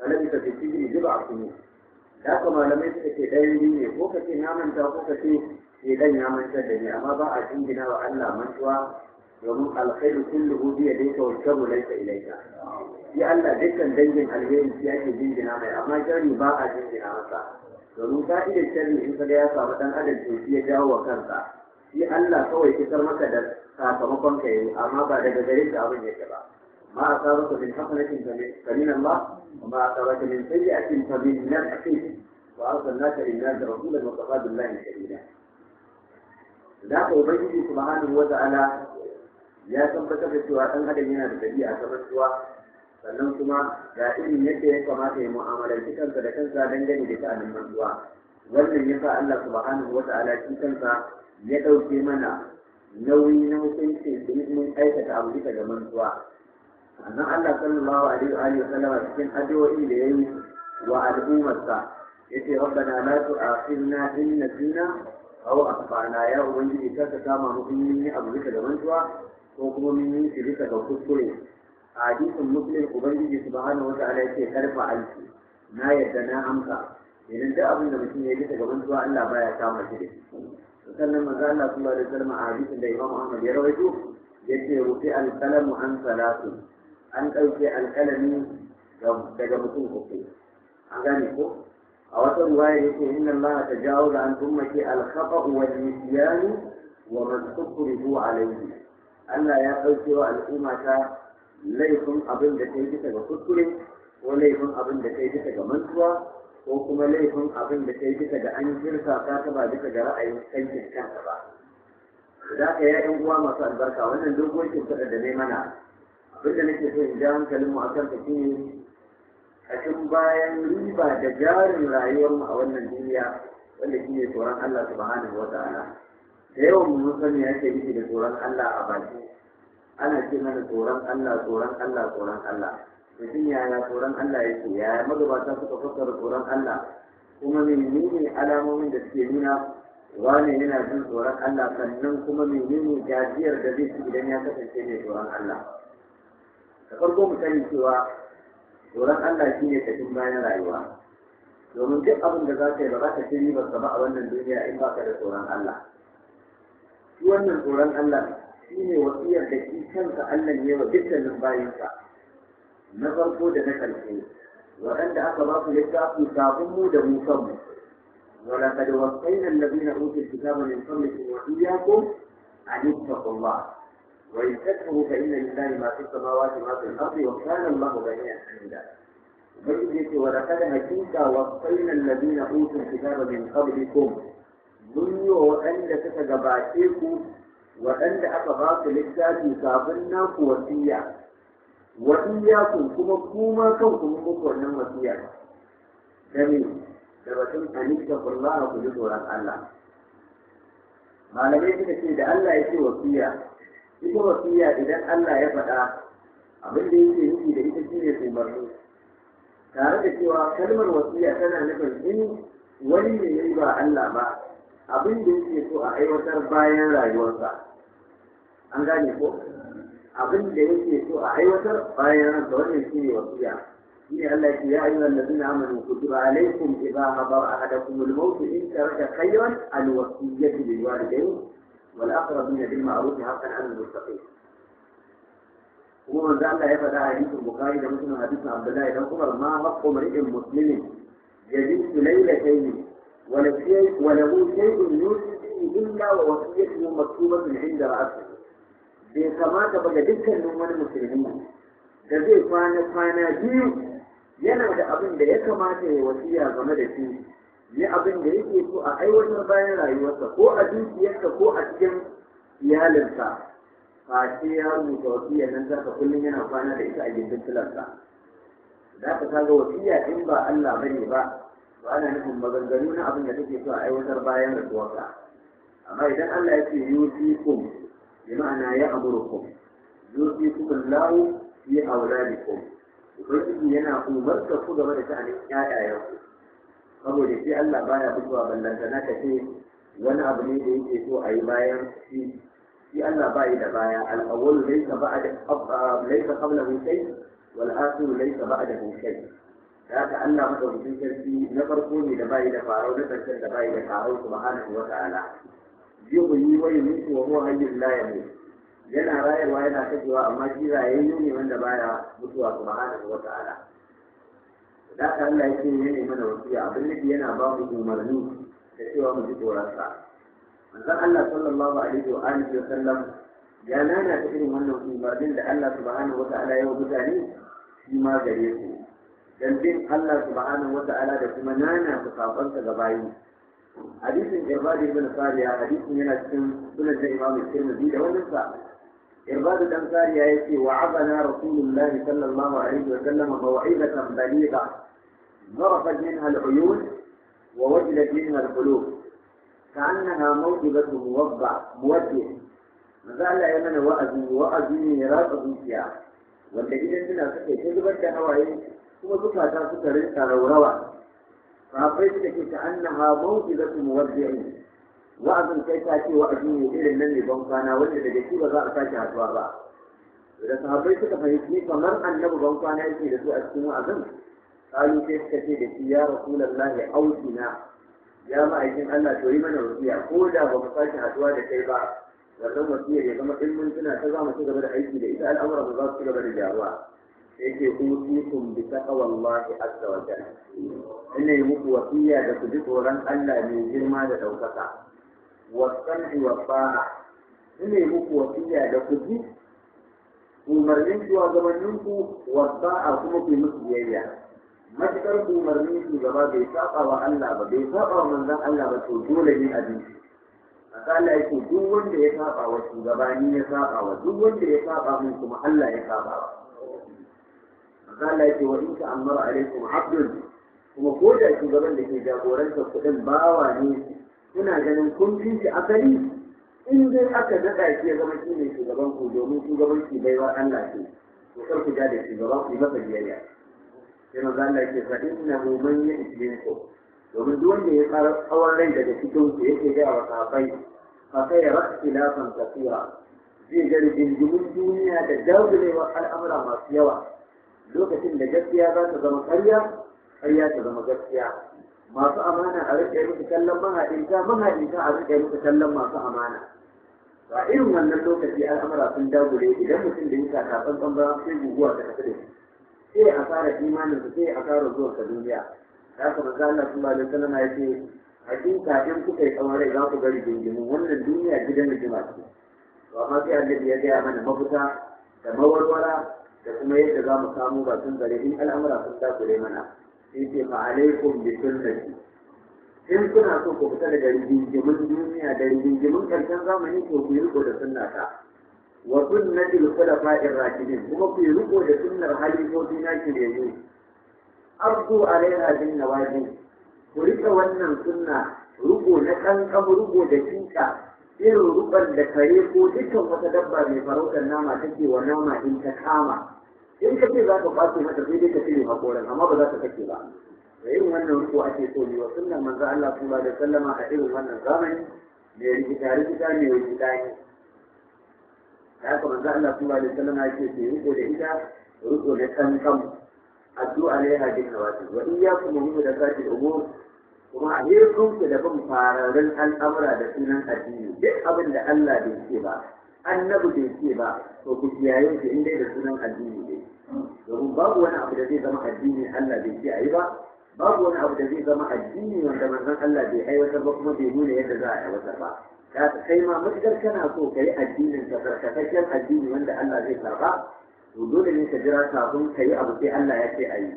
فلبث في السجن سبع سنين da kuma malamai suka ce ɗayan biyu ko kace na manta ko kace idan ya manta da ni amma ba a jingina wa Allah mantuwa domin alkhairu kulluhu bi yadayka wa sharru laysa ilayka ya Allah dukkan dangin alheri shi ake jingina mai amma sharri ba a jingina masa domin in kaga ya samu dan adam ya wa kansa shi Allah kawai fitar maka da sakamakon ka yi amma ba daga gare ka abin yake ba ma a sabu ka bin hasanatin nan ba ma a sabu ka bin sayyi'atin fa bin nafsi wa arsalnaka lin-nasi rasulan wa kafa billahi shahida da ka ubangiji subhanahu wata ala ya san tabbatar da cewa ɗan adam yana da dabi'a ta rasuwa sannan kuma ga irin yadda ya kamata ya mu'amalanci kansa da kansa dangane da ta'anin mantuwa wannan ya yasa Allah subhanahu wa ta'ala shi kansa ya ɗauke mana nauyi na hukunci da mun aikata abu bisa ga mantuwa annan Allah sallallahu alaihi wa sallama cikin addu'o'in da ya yi wa al'ummarsa na rabbana la tu'akhirna in nasina aw akhtana ya ubangiji ka ka kama mu in yi abu bisa ga mantuwa ko kuma mun yi shi bisa ga kuskure a hadisin muslim ubangiji subhanahu wa ta'ala ce karfa alki na yadda na amsa idan duk abin da mutum ya yi bisa ga mantuwa Allah baya kama shi da sannan maza Allah sallallahu da wasallam a hadisin da Imam Ahmad ya rawaito yace rufi al-qalam an salatu an dauke al daga mutum uku an gane ko a wata ya ce, inna Allah tajawaza an ummati al-khata wa al-nisyan wa man tukrihu alayhi Allah ya dauke wa al'umma ta laifin abin da ta yi bisa ga kuskure ko laifin abin da ta yi bisa ga mantuwa ko kuma laifin abin da kai bisa ga an jirka ka ba bisa ga ra'ayin kankin kanka ba za ka ya yan uwa masu albarka wannan dokokin kuɗa da nai mana Abinda da nake so in ja hankalinmu a kan tafi A kashin bayan riba da jarin rayuwarmu a wannan duniya wanda shi ne tsoron Allah subhanahu wa ta'ala da yawan mu sani ake nufi da tsoron Allah a baki ana ce mana tsoron Allah tsoron Allah tsoron Allah mutum yaya tsoron Allah yake yaya magabata suka fassara tsoron Allah kuma menene alamomin da suke nuna wane yana jin tsoron Allah sannan kuma menene gajiyar da zai ci idan ya kasance mai tsoron Allah da farko mu sani cewa tsoron Allah shi ne tafin bayan rayuwa domin duk abin da za ka yi ba za ka ci ribar ba a wannan duniya in ba ka da tsoron Allah shi wannan tsoron Allah shi ne wasiyar da shi kansa Allah ne wa dukkanin bayansa na farko da na ƙarshe waɗanda aka ba su littafi kafin mu da mu kanmu ولقد وصينا الذين اوتوا الكتاب من قبلكم واياكم ان اتقوا الله وان تكفروا فان لله ما في السماوات وما في الارض وكان الله غنيا حميدا. بيدك ولقد هديك وصينا الذين اوتوا الكتاب من قبلكم من وأن تتجبعتكم وأن أتغاط لكتاب كابنا وصية wa iyyakum kuma kuma kan kuma muku wannan wasiya dame da batun anita Allah ku ji tsoron Allah malamai suka ce da Allah ya ce wasiya ita wasiya idan Allah ya faɗa abin da yake yi da ita shine umarni tare da cewa kalmar wasiya tana nufin in wani ne yayi ba Allah ba abin da yake so a aiwatar bayan rayuwarsa an gane ko abin da yake so a aiwatar bayan ranka wannan shine wasiya Ni Allah ya ayyuha allazina amanu kutiba alaykum idha hadara ahadakum al-maut in taraka khayran al-wasiyatu lil walidayn wal aqrabina bil ma'ruf haqqan 'ala al-muttaqin kuma manzo Allah ya faɗa a hadisin Bukhari da Muslim hadisin Abdullahi dan kuma ma haqqu mar'in muslimin yajidu laylatayn wa la shay'un yusibu illa wa wasiyatuhu maktubatun 'inda ra'sihi bai kamata ba ga dukkanin wani musulmi da zai kwana kwana biyu yana da abin da ya kamata ya wasiya game da shi ne abin da yake so a aiwatar bayan rayuwarsa ko a dukiyarsa ko a cikin iyalinsa a ce ya rubuta wasiyar nan zaka kullum yana kwana da ita a gindin filarsa za ka kaga wasiya in ba Allah bane ba ba ana nufin maganganu na abin da take so a aiwatar bayan rayuwarsa amma idan Allah ya ce yusikum بمعنى يأمركم يوصيكم الله في أولادكم ubangiji yana umarta ku game da ta'anin ƴaƴayenku saboda shi Allah baya fitowa ballantana ka ce wani abu ne da yake so a yi bayan shi shi Allah ba da baya al'awwalu laysa ba'da laysa qablahu shay wal akhiru laysa ba'dahu shay haka Allah madaukakin sarki na farko ne da bayi da farau na karshen da bayi da farau subhanahu wa ta'ala yuhyi wa yumiitu wa huwa hayyun la yamut yana rayuwa yana kashewa amma shi rayayye ne wanda baya mutuwa su ma'ana su wata ala. da haka Allah ya ce ne ne mana ya abin nufi yana ba mu umarni da cewa mu ji tsoron sa manzon Allah sallallahu alaihi wa alihi wa sallam ya nana ta irin wannan umarnin da Allah subhanahu wa ta'ala ya wa mutane shi ma gare ku dan bin Allah subhanahu wa ta'ala da kuma nana ta sabansa ga bayi hadisin irbadi ibn sariya hadisin yana cikin sunan da imamu tirmidhi da wannan sa irbadi dan sariya yace wa abana rasulullahi sallallahu alaihi wa sallam maw'izatan baligha ضربت منها العيون ووجلت منها القلوب كأنها موهبة موضع موجه maza Allah ya mana wa'azi wa'azi ne ya ratsa zuciya wanda idan suna suka ta zubar da hawaye kuma zukata suka rinka raurawa ta suka ce ka annaha mawqizatu muwaddi'in wa'azin kai ta ce wa addini irin nan ne ban kwana wanda daga shi ba za a sake haduwa ba da sahabbai suka fahimci kamar annabi ban kwana yake da su a cikin wa'azin kalu sai suka ce da shi ya auki na. ya ma'aikin Allah to yi mana wasiya ko da ba mu sake haduwa da kai ba wannan wasiya ya zama in suna ta za mu ci gaba da aiki da ita al'amura ba za su ci gaba da gyaruwa yake usikum bi taqwallahi azza wa jalla ina yi muku wasiya da ku ji tsoron Allah mai girma da ɗaukaka wa sanhi wa ta'a ina yi muku wasiya da ku ji umarnin zamanin ku wa ta'a kuma ku yi musu biyayya matukar umarnin shugaba bai saba wa Allah ba bai saba wa manzon Allah ba to dole ne a bi Allah yake duk wanda ya saba wa shugaba ni ya saba wa duk wanda ya saba min kuma Allah ya saba wa Allah ya ce wa in ta'ammara kuma ko da shugaban da ke jagorantar kuɗin bawa ne kuna ganin kun fi shi asali in dai aka naɗa shi ya zama shi ne shugaban ku domin shugabanci baiwa Allah ce to kar ku ja da shugaba ku yi masa biyayya sai manzo Allah yake fa innahu man ya'ti ku domin duk wanda ya fara tsawon rai daga cikin ku yake ga wa sahabbai fa sai rakhtilafan kathira zai ga rigingimin duniya da dagulewa al'amura masu yawa lokacin da gaskiya za ta zama ƙarya ƙarya ta zama gaskiya masu amana a riƙe musu kallon mahaɗinta mahaɗinta a riƙe musu kallon masu amana ba irin wannan lokaci al'amura sun dagure, idan mutum da yake ta tsantsan ba sai guguwa ta tafi da shi sai a fara imanin su sai a fara zuwa ta duniya Ya kuma manzo Allah sallallahu alaihi sanana ya ce hakika in kuka yi tsawon za ku gari jinjimin wannan duniya gidan rigima ce to amma sai Allah ya gaya mana mafita da mawarwara da kuma yadda za mu samu batun gare in al'amura sun takure mana sai ce fa alaikum bi sunnati in kuna so ku fita daga rigingimin duniya da rigingimin karshen zamani ko ku yi riko da sunna ta wa sunnati al-khulafa'i rashidin kuma ku yi riko da sunnar halifofi na shiryayyu abdu alaiha bin nawaji ku rika wannan sunna riko na kankan riko da kinka irin rubar da kare ko dukkan wata dabba mai farautar nama take wa nama in ta kama in ka ce za ka kwace mata sai dai ka cire hakoran amma ba za ta kake ba da irin wannan ruko ake so ne wa sunnan manzo Allah ba da Sallama a irin wannan zamani mai rikita rikita ne mai rikita ne da haka manzo Allah ba da sallama yake ce ruko da ita ruko da kan addu'a ne hadin ya wa iyyakum min sati al-umur kuma a hirkun ku da bin fararen al'amura da sunan addini duk abin da Allah bai ce ba annabi bai ce ba to ku kiyaye shi in dai da sunan addini ne domin babu wani abu da zai zama addini Allah bai ce yi ba babu wani abu da zai zama addini wanda manzon Allah bai aiwatar ba kuma bai nuna yadda za a aiwatar ba ka kai ma matukar kana so ka yi addinin ka addini wanda Allah zai karba to dole ne ka jira kafin ka yi abu sai Allah ya ce a yi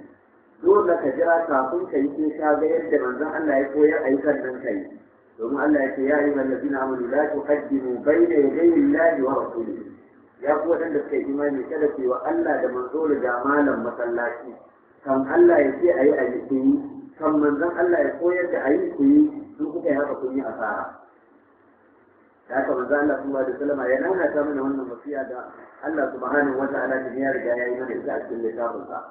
dole ka jira kafin ka yi sai ka ga yadda manzon Allah ya koyar a yi sannan ka yi domin Allah ya ce ya yi wallafi na amuru la tu qaddimu bayna yaday lillahi wa rasulihi ya ku waɗanda suka yi imani kada ku yi wa Allah da manzo da malam masallaci kan Allah ya ce a yi ku yi kan manzon Allah ya koyar da yi ku yi sun kuka yi haka kun yi asara da haka manzo Allah kuma da salama ya nana ta mana wannan mafiya da Allah subhanahu wa ta'ala da ya riga ya yi mana ita a cikin littafinsa.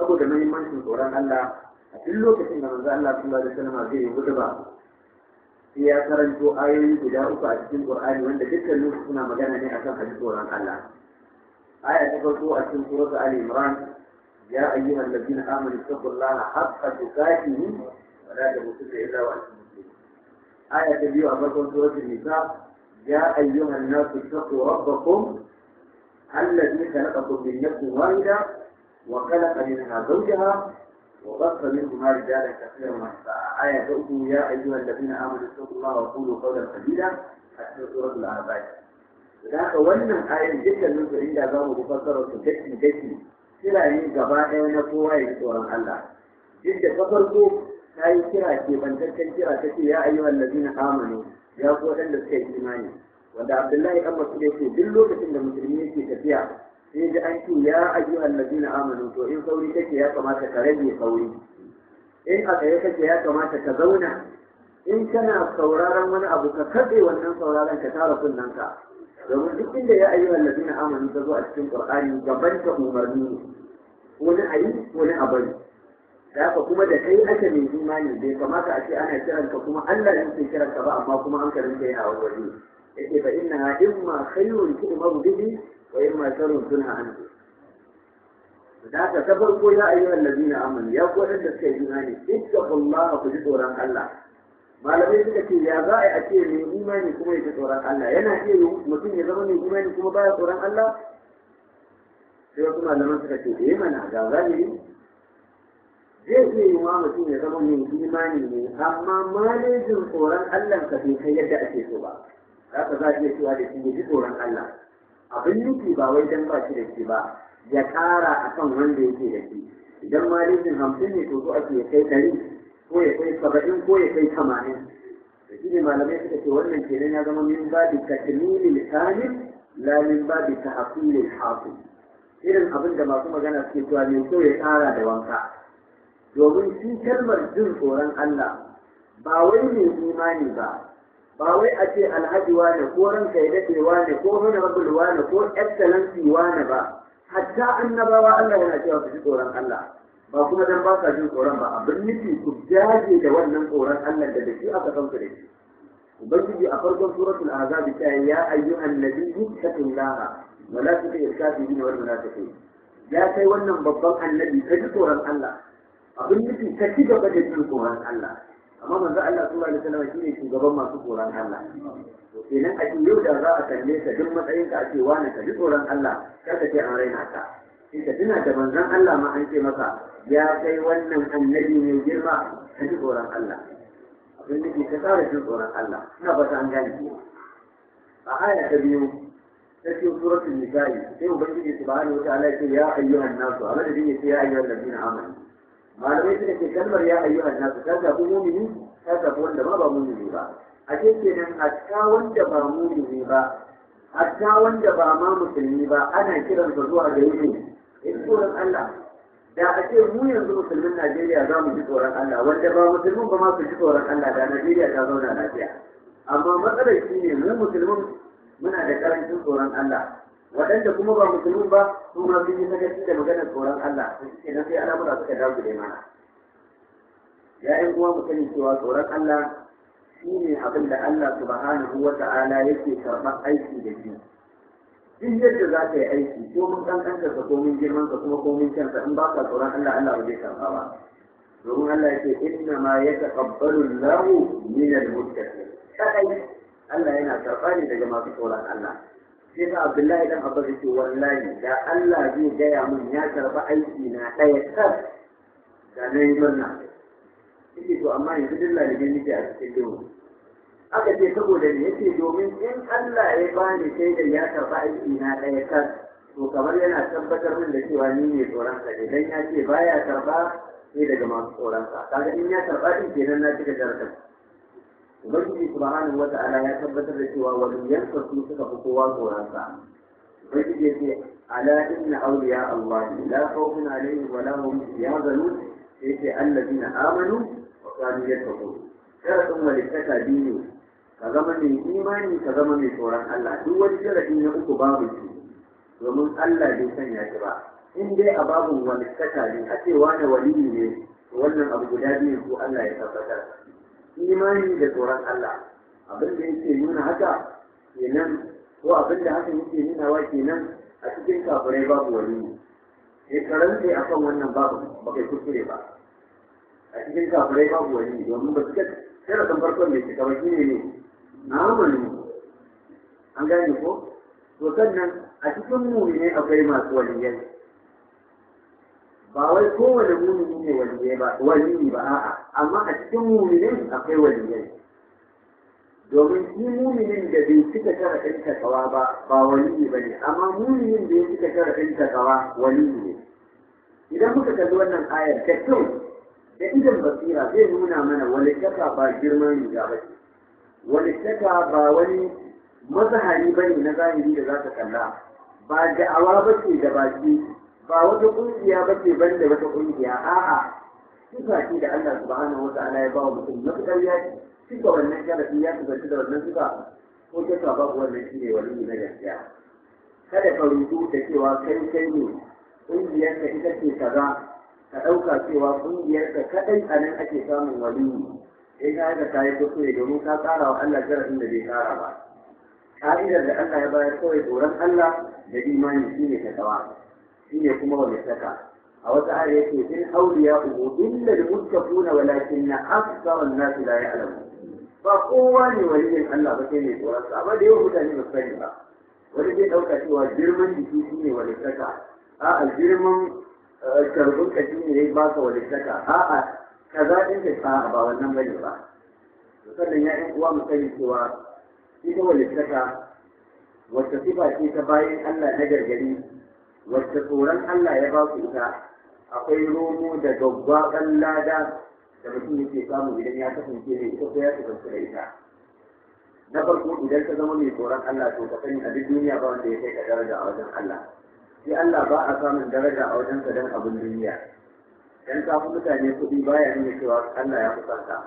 saboda muhimmancin tsoron Allah a cikin lokacin da manzo Allah sallallahu alaihi wasallam zai yi hutuba sai ya karanto ayoyi guda uku a cikin Qur'ani wanda dukkan lokacin suna magana ne akan hadin tsoron Allah aya ta farko a cikin surata Ali Imran ya ayyuhal ladina amanu taqullaha haqqa tuqatih wa la tamutunna illa wa antum muslimun aya ta biyu a farkon suratul Nisa ya ayyuhan nasu taqu rabbakum الذي خلقكم من نفس واحده وخلق منها زوجها وبث منهما رجالا كثيرا ونساء آية تؤتوا يا أيها الذين آمنوا اتقوا الله وقولوا قولا سديدا حتى سورة الأعراف Zaka wannan ayan dukkanin su inda za mu fassara su gaci gaci kira ne gaba ɗaya na kowa ya tsoron Allah. Duk da ta farko ta yi kira ke bantaccen kira ta ce ya ayyuhan lazina amanu ya ko waɗanda suka yi imani. Wanda Abdullahi Abbas ya duk lokacin da musulmi yake tafiya sai ji an ce ya ayyuhal ladina amanu to in sauri kake ya kamata ka rage sauri in a tsaye kake ya kamata ka zauna in kana sauraron wani abu ka kaɗe wannan sauraron ka tara kunnanka domin duk inda ya ayyuhal ladina amanu ta zo a cikin qur'ani gaban ta umarni wani ayi wani abari da haka kuma da kai aka mai imani bai kamata a ce ana kiranka kuma Allah ne ke kiranka ba amma kuma hankalinka yana waje yake fa inna imma khayrun tu'maru bihi wa in ma sharrun sunha anhu da ta farko ya ayi wallazi na amanu ya kodar da suka yi imani ittaqullaha ku ji tsoron Allah malamai suka ce ya za a ce mai imani kuma ya ji tsoron Allah yana mutum ya zama kuma baya tsoron Allah sai wasu malaman suka ce eh mana ga zahiri zai iya yi wa mutum ya zama mai imani ne amma malejin tsoron Allah ka bai kai yadda ake so ba za ka za a iya cewa da shi ya tsoron Allah abin nufi ba wai dan ba shi da shi ba ya kara a kan wanda yake da shi idan ma hamsin ne to so ake ya kai ɗari ko ya kai saba'in ko ya kai tamanin da shi ne malamai suka ce wannan kenan ya zama min babi takmilil kamil la min babi tahsilil hafiz irin abin da masu magana suke cewa ne kyau ya kara da wanka domin shi kalmar jin tsoron Allah ba wai mai imani ba ba wai a ce alhaji wane ko ran ya dade wane ko honorable wane ko excellency wane ba hatta annabawa Allah yana cewa su ji tsoron Allah ba kuma dan ba sa jin tsoron ba abin nufi ku jaje da wannan tsoron Allah da da shi aka san ku da shi ubangiji a farkon suratul ahzab ta ya ayyuhan nabiyyu taqullaha wa la tuti'il kafirin wal munafiqin ya kai wannan babban annabi ka ji tsoron Allah abin nufi ka ci gaba da jin tsoron Allah amma manzo Allah sallallahu alaihi wasallam shine shugaban masu tsoron Allah to kenan a yau da za a kalle ka duk matsayin ka ce wani ka ji tsoron Allah kar ka ce an raina ka in ka tuna da manzon Allah ma an ce masa ya kai wannan annabi mai girma ka ji tsoron Allah abin da ke ka tsara jin tsoron Allah ina ba ta an gane ki a aya ta biyu ta ce suratul nisa'i sai ubangiji subhanahu wa ta'ala ya ce ya ayyuhan nasu a madadin ya ce ya ayyuhan ladina amanu malamai suka ce kalmar ya ayyu an nasu ta shafi mumini ta shafi wanda ba mumini ba a ce kenan hatta wanda ba mumini ba ta wanda ba ma musulmi ba ana kiransa zuwa ga yi In tsoron Allah da a ce mu yanzu musulmin Najeriya za mu ji tsoron Allah wanda ba musulmin ba ma su ji tsoron Allah da Najeriya ta zauna lafiya amma matsalar shine ne mu musulmin muna da karancin tsoron Allah waɗanda kuma ba musulun ba su ma sun yi sakaci da maganar tsoron Allah idan sai al'amura suka dawo da mana ya yi kuma mu sani cewa tsoron Allah shi ne abin da Allah subhanahu wa ta'ala yake karɓar aiki da shi duk yadda za ka yi aiki ko mun kankanta ka ko mun girman ka kuma ko mun in ba ka tsoron Allah Allah ba zai karɓa ba domin Allah yake inna ma yataqabbalu Allahu min al-muttaqin kai Allah yana karɓa ne daga masu tsoron Allah sai da abdullahi dan abbas yake wallahi da Allah zai gaya min ya karba aiki na ɗaya kan da na yi murna yake to amma yanzu duk lalibai nake a cikin duhu aka ce saboda ne yake domin in Allah ya bani sai da ya karba aiki na ɗaya kan to kamar yana tabbatar min da cewa ni ne tsoron sa ne dan ya ce baya karba sai daga masu tsoron sa kaga in ya karba din kenan na cika jarkar. ubangiji subhanahu wata'ala ya tabbatar da cewa waliyansa su suka fi kowa tsoronsa ubangiji ya ce ala inna awliya Allah la khawfun alaihim wa la hum yahzanun yace allazina amanu wa kanu yattaqun sharadin walittaka biyu ka zama mai imani ka zama mai tsoron Allah duk wani jarabi na uku babu shi domin Allah bai sanya shi ba in dai a babu walittaka ne a ce, na waliyi ne wannan abu guda biyu ko Allah ya tabbatar imani da tsoron Allah abin da yake nuna haka kenan ko abin da haka yake nuna wa kenan a cikin kafirai babu wani ne karanta a kan wannan babu ba kai kuskure ba a cikin kafirai babu wani ne domin ba su ga kan farkon da ke kawai shine ne na amanu an gane ko to sannan a cikin mu ne akwai masu waliyai ba wai kowane muni ne waliyai ba ba a'a amma a cikin ne akwai waliyai domin shi ne da bai cika tara ɗin takawa ba ba waliyi ba ne amma ne da ya cika tara ɗin takawa waliyi ne idan muka kalli wannan ayar da kyau da idan basira zai nuna mana walittaka ba girman riga ba ce walittaka ba wani mazahari ba ne na zahiri da za ka kalla ba da'awa ba ce da baki ba wata kungiya ba ce ban da wata kungiya a'a suka ce da Allah subhanahu wa ta'ala ya ba wa mutum matuƙar ya ba wannan sharafi ya ci da wannan suka ko ta ka babu wannan shi ne wani na gaskiya kada ka rubu da cewa kai kai ne kungiyarka ita ce kaza ka ɗauka cewa kungiyarka kaɗai a nan ake samun waliyu in ka haka ta yi ya domin ka tsara wa Allah jarafin da bai tsara ba ka'idar da Allah ya bayar kawai tsoron Allah da imani shine ne ta tsawa shine kuma walitaka a wata aya yake in auliya ubu illa al-muttaquna walakinna aktsara an-nas la ya'lamun ba kowa ne wani ne Allah ba sai ne tsoron sa amma da yawan mutane ba sani ba wani zai ɗauka cewa girman jiki shine walittaka a'a girman karbun eh, ka shine ya ba ka walittaka a'a kaza din ka a'a ba wannan bane ba sannan ya ɗan uwa mu sani cewa ita walittaka wata sifa ce ta bayan Allah na gargari wacce tsoron Allah ya ba su ita akwai romo da gaggagan lada da mutum yake samu idan ya kasance mai ita ko ya kasance da ita na farko idan ka zama mai tsoron Allah to ka sani a duk duniya ba wanda ya kai ka daraja a wajen Allah sai Allah ba a samun daraja a wajen ka don abin duniya dan ka mutane kuɗi baya nuna cewa Allah ya santa.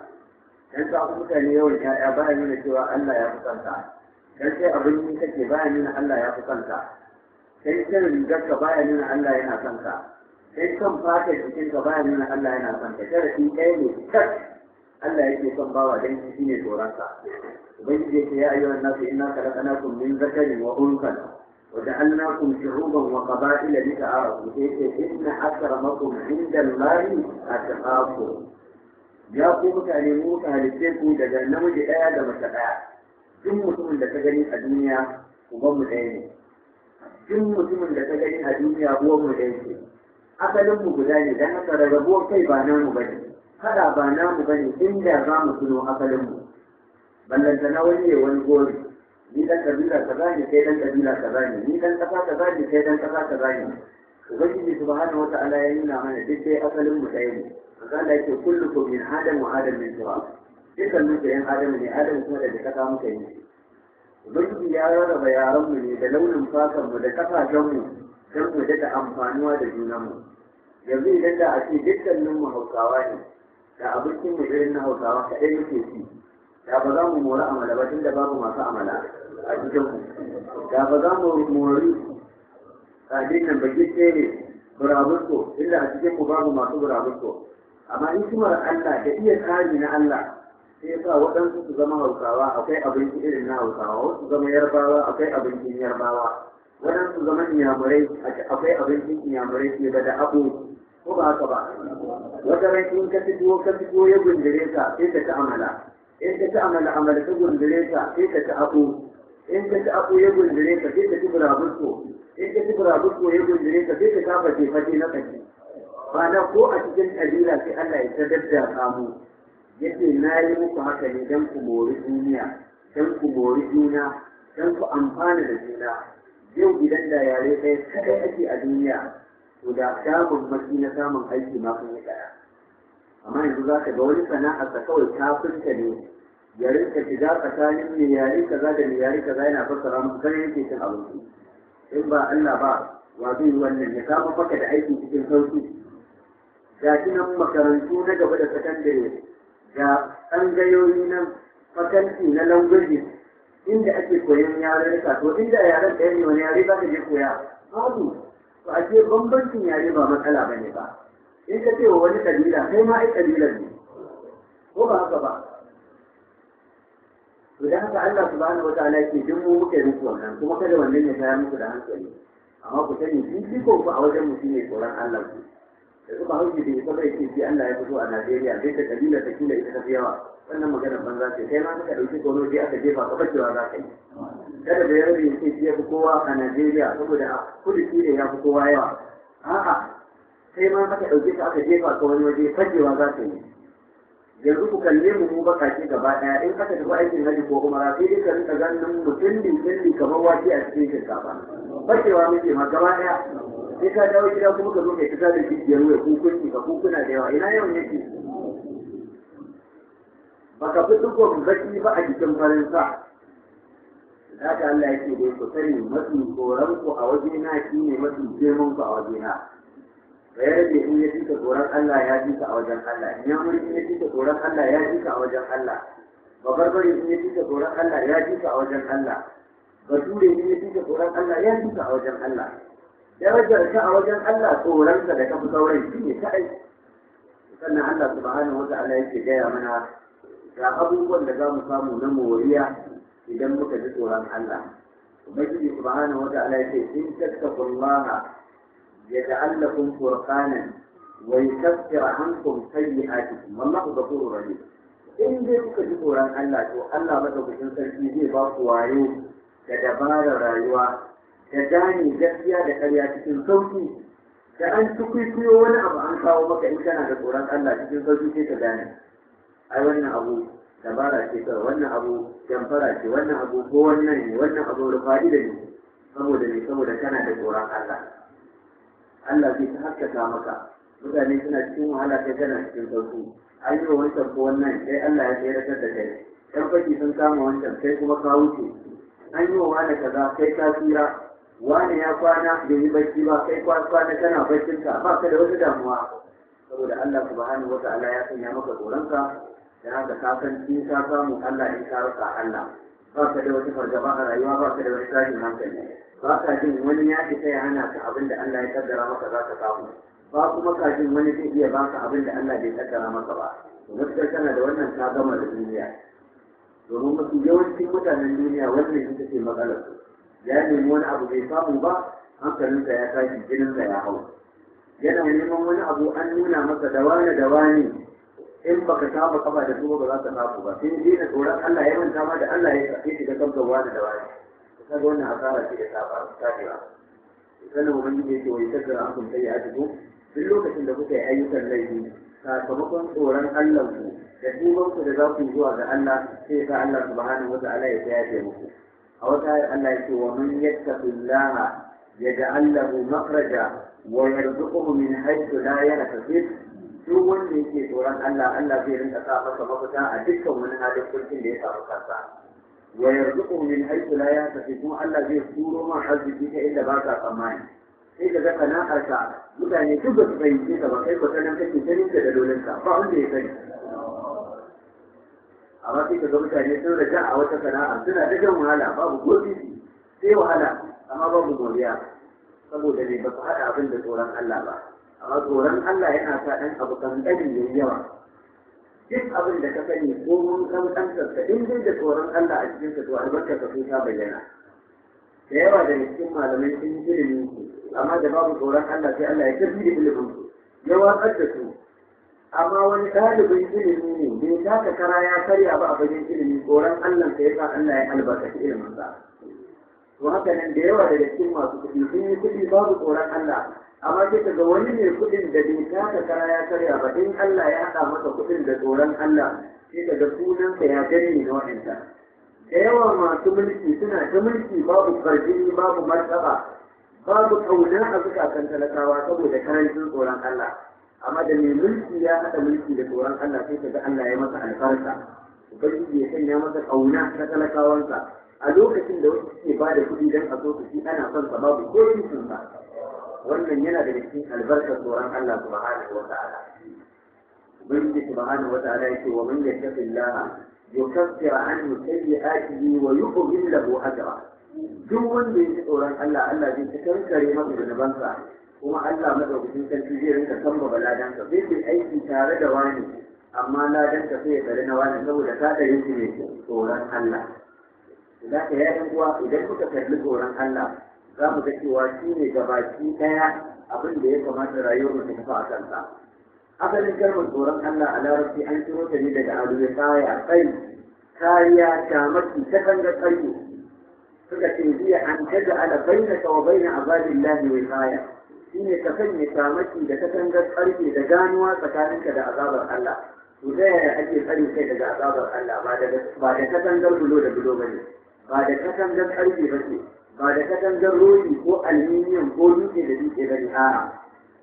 dan ka mutane yawan ƴaƴa ya nuna cewa Allah ya santa. dan sai abin yi kake baya nuna Allah ya santa. kai kan rigar ka baya nuna Allah yana son ka kai kan fatar jikin ka baya nuna Allah yana son ka sharadi ɗaya ne tak Allah yake son bawa dan shi shine tsoron sa ubangiji ya ya ayyuhan nasu inna khalaqnakum min dhakarin wa untha وجعلناكم شعوبا وقبائل لتعارفوا إن أكرمكم عند ya ku mutane mu تعلموا ku daga namiji ɗaya da mace ɗaya duk mutumin da ka gani a duniya uban mu ɗaya ne duk mutumin da ta gani a duniya ruwan mu da yake asalin mu guda ne dan haka rarrabuwar kai ba namu bane kada ba namu bane inda za mu tuno asalin mu ballanta na wani ne wani gori ni dan kabila kaza ne kai dan kabila kaza ne ni dan kasa kaza ne kai dan kasa kaza ne ubangiji subhanahu wata'ala ya nuna mana duk dai asalin mu ɗaya ne kaza yake ko min adam wa adam min turab dukkan mu yan adam ne adam kuma ta kama muka yi ubangiji ya rarraba yaranmu ne da launin fatanmu da kasashenmu don mu daga amfanuwa da junanmu yanzu idan da a ce mu hausawa ne da abincin mu irin na hausawa kaɗai muke ci da ba za mu mori amala ba tunda babu masu amala a cikin mu da ba za mu mori addinin baki tsere burabusko inda a cikin mu babu masu burabusko amma in kimar Allah da iya kari na Allah sai yasa waɗansu su zama hausawa akwai abinci irin na hausawa wasu zama yarbawa akwai abincin yarbawa waɗansu zama inyamurai akwai abincin inyamurai ke da abu ko ba haka ba wata rai in ka fito ka fito ya gundure ka sai ka ci amala in ka ci amala amala ka gundure ka sai ka ci abu in ka ci abu ya gundure ka sai ka ci burabusko in ka ci burabusko ya gundure ka sai ka kafa jefaje na kaji ba na ko a cikin kabila sai Allah ya ta dadda samu yake na yi muku haka ne don ku mori duniya don ku mori juna don ku amfana da juna yau idan da yare ɗaya kaɗai ake a duniya to da samun mafi na samun aiki ma kun yi ɗaya amma yanzu za ka ga wani ka kawai kafinta ne yarin ka shiga tsakanin mai yare kaza da mai yare kaza yana fassara musu kare yake cin abinci in ba Allah ba wa zai yi wannan ya kama maka da aiki cikin sauki ga nan makarantu na gaba da sakandare Da tsangayoyi na fakanti na languages inda ake koyon yarurruka to inda yaren ɗaya ne wani yare ba ka je koya babu to a ce bambancin yare ba matsala ba ne ba in ka ce wani kabila kai ma ai kabilar ne ko ba haka ba to da haka Allah subhanahu wataala yake duk mu muka yi wannan kuma kada wannan ya tayar muku da hankali amma ku sani ko ku a wajen mu shine tsoron Allah ku yanzu suka hauki da ita bai ce shi Allah ya fito a Najeriya zai ta kabila ta kila ita ta fi yawa wannan maganar banza ce kai ma suka ɗauki tono je aka jefa ka bacewa za ka yi kada da yarda ya shi ya fi kowa a Najeriya saboda a kudu shi ne ya fi kowa yawa a'a sai ma aka ɗauke ta aka jefa ka wani waje fajewa za ka yi yanzu ku kalle mu mu bakaki gaba ɗaya in aka tafi aikin hajji ko kuma sai dai ka rinka ganin mutum ne kamar wake a cikin shinkafa bacewa muke ma gaba ɗaya sai ka dawo gida kuma ka zo kai ta da jijiyar wuya kukunci ka kukuna da yawa ina yawan yake Ba ka fi duk dukkan baki ba a jikin farin sa haka Allah yake dai ku sani mafi tsoron ku a waje na shi ne mafi girman ku a waje na bai rage in ya jika tsoron Allah ya ka a wajen Allah in ya muri in ya jika tsoron Allah ya ka a wajen Allah babarbare in ya jika tsoron Allah ya ka a wajen Allah bature in ya jika tsoron Allah ya ka a wajen Allah darajar a wajen Allah tsoronsa da ka fi sauran shi ne kaɗai sannan Allah subhanahu wa ta'ala yake gaya mana ga abubuwan da za mu samu na moriya idan muka ji tsoron Allah ubangiji subhanahu wa ta'ala yake in tattaqullaha yaj'al lakum furqanan wa yukaffir ankum sayyi'atikum wallahu ghafurur rahim in dai kuka ji tsoron Allah to Allah madaukakin sarki zai ba ku wayo da dabarar rayuwa da gane gaskiya da ƙarya cikin sauki da an ci kwaikwayo wani abu an kawo maka in kana da tsoron Allah cikin sauki sai ka gane ai wannan abu dabara ce kawai wannan abu jamfara ce wannan abu ko wannan ne wannan abu rufa'i da ne saboda ne saboda kana da tsoron Allah Allah zai ta haskaka maka mutane suna cikin wahala kai kana cikin sauki an yi wa wancan ko wannan sai Allah ya tsayar da kai Ɗan faki sun kama wancan sai kuma ka wuce an yi wa wani kaza kai ka tsira wani ya kwana bai yi bacci ba kai kwana kana baccin ka ba ka da wata damuwa saboda Allah subhanahu wa ta'ala ya sanya maka tsoronka da haka ka san in ka samu Allah in ka rasa Allah ba ka da wata fargaba a rayuwa ba ka da wasu tashin hankali ba ka jin wani ya fi ya hana ka abin da Allah ya kaddara maka za ka samu ba kuma ka jin wani zai iya ka abin da Allah bai kaddara maka ba gaskiya kana da wannan ka gama da duniya domin mafi yawancin mutanen duniya wannan ita ce matsalar su ya nemi wani abu bai samu ba hankalinsa ya tashi jininsa ya hau yana neman wani abu an nuna masa dawane dawane in baka saba kafa da su ba za ka samu ba sai dai da tsoron Allah ya manta ma da Allah ya kafe shi da kanka wani kusa da wannan asara ce da saba tafiya wani ne ke wani tattara an kun a ya duk lokacin da kuka yi ayyukan laifi sakamakon tsoron Allah ku da duban ku da za ku zuwa ga Allah sai ka Allah subhanahu wa ta'ala ya tsaya muku a wata ayar Allah yake wa man Allah yaj'al lahu makhraja wa yarzuquhu min haythu la yahtasib duk wanda yake tsoron Allah Allah zai rinka sa masa mafita a dukkan wani halin kuncin da ya samu kansa wa yarzuquhu min haythu la yahtasib kuma Allah zai turo ma arziki ta inda ba ka tsammani sai ka ga sana'arka mutane duk ba su fahimce ka ba kai ko sanan kake ta da dalolinka ba wanda ya sani amma sai ka ga mutane sun raja a wata sana'a suna da jan wahala babu gobe sai wahala amma babu moriya saboda ne ba su haɗa abin da tsoron Allah ba amma tsoron Allah yana sa ɗan abu kan ɗari mai yawa duk abin da ka sani ko mun san ɗan sarka in dai da tsoron Allah a cikin ka to albarka ka sun ta bayyana da yawa da cikin malamai sun yi ilimi amma da babu tsoron Allah sai Allah ya tafi da ilimin su ya wakar da su amma wani ɗalibin ilimi ne bai taka kara ya karya ba a fagen ilimi tsoron Allah ka yasa Allah ya albarkaci ilimin ba to haka nan da yawa daga cikin masu kuɗi sun yi kuɗi babu tsoron Allah amma sai ka ga wani mai kuɗin da bai taka kara ya karya ba in Allah ya haɗa masa kuɗin da tsoron Allah sai ka ga sunansa ya gani na wa'insa da yawa masu mulki suna ta mulki babu ƙarfi babu martaba babu ƙauna a zukatan talakawa saboda karancin tsoron Allah amma da mai mulki ya haɗa mulki da tsoron Allah sai ka ga Allah ya masa albarka ubangiji ya sanya masa ƙauna ta talakawansa a lokacin da wasu suke ba da kuɗi don a so su ana son sa babu ko sa wannan yana daga cikin albarkar tsoron Allah subhanahu wa ta'ala ubangiji subhanahu wa ta'ala yake wa man yattaqillaha يكفر عنه سيئاته ويقبل له أجرا duk wanda ya ji tsoron Allah Allah zai ta kankare masa zunubansa kuma Allah madaukakin sarki zai rinka kamba ladan ka zai ke aiki tare da wani amma ladan ka sai ya tare na wani saboda ka da yanki ne tsoron Allah za ka yi uwa idan kuka kalli tsoron Allah za mu ga cewa shi ne gabaki ɗaya abin da ya kamata rayuwar mutum ta a kansa asalin kalmar tsoron Allah a larabci an ciro ta ne daga abu ya a tsayi kariya shamaki ta kanga tsayi suka ce biya an kaza ala bainaka wa baina azabillahi wa kaya shine ka sanya kamaki da katangar karfe da ganuwa tsakaninka da azabar Allah to da yaya ake tsare kai daga azabar Allah ba da ba da katangar bulo da bulo bane ba da katangar karfe bace ba da katangar rodi ko aluminium ko dutse da dutse bane a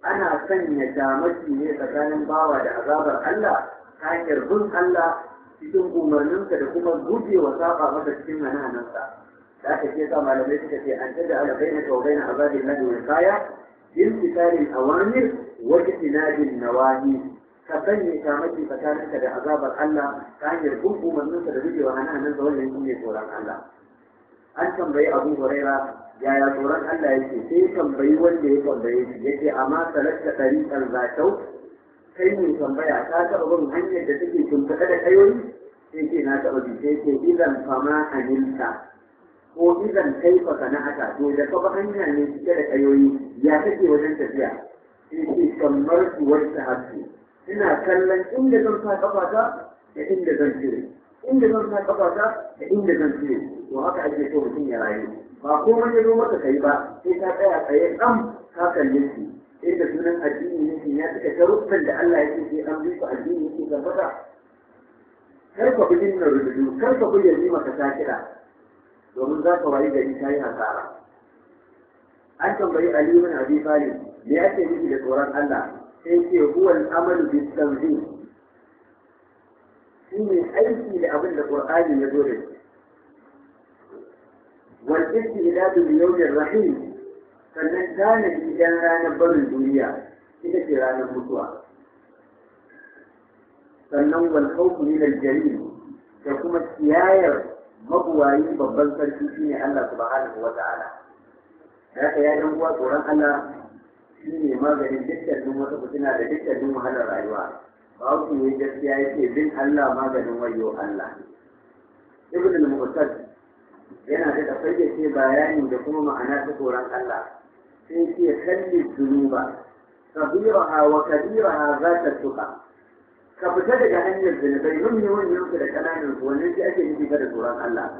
ana sanya kamaki ne tsakanin bawa da azabar Allah ta hanyar bin Allah cikin umarninsa da kuma gujewa saba masa cikin hananansa da aka ce sa malamai suka ce an tada ala na azabin bain azabillahi wa kaya intikalin awamir wa tinadin nawahi ka sanya kamaki tsakaninka da azabar Allah ta hanyar bin umarninsa da rike wa hananan da wannan shine tsoron Allah an tambayi Abu Huraira yaya tsoron Allah yake sai tambayi wanda ya tambaye shi yake amma salatta tariqal zakau kai ne tambaya ta taɓa bin hanyar da take tuntuɗe da kayoyi sai ce na taɓa bi sai ce idan fama hanilta ko idan izan kaifa sana'ata to da kafa hanya ne cike da kayoyi ya take wajen tafiya sai ce kamar kuwar sahabi ina kallon inda zan sa kafata da inda zan cire inda zan sa kafata da inda zan cire to haka ake so mutum ya rayu ba komai ya zo maka kai ba sai ka tsaya tsaye ɗan ka kalle shi inda sunan addini yake ya cika sharuɗin da Allah ya yake sai an bi ku addini yake tabbata kar ka bi dinna rubutu kar ka bi yamima ka sa kiɗa domin za ka wayi gari ta yi hasara an tambayi Ali ibn Abi Talib me yake nufi da tsoron Allah sai ce huwa al-amalu bi tanzim shine aiki da abin da Qur'ani ya zo da shi wal istidadu li yawmir rahim sannan tana idan ranar barin duniya ita ce ranar mutuwa sannan wal khawfu min al da kuma kiyayar mabuwayi babban sarki shine Allah subhanahu wata'ala da haka ya ɗan uwa tsoron Allah shi ne maganin dukkanin wata fitina da dukkanin wahalar rayuwa ba ku yi gaskiya ce bin Allah maganin wayo Allah ibn al mutad yana da fayyace bayani da kuma ma'ana ta tsoron Allah sai ce kalli zunuba kabiraha wa kabiraha ta tuka ka fita daga hanyar zunubai manyan manyan su da kananan su wannan shi ake nufi da tsoron Allah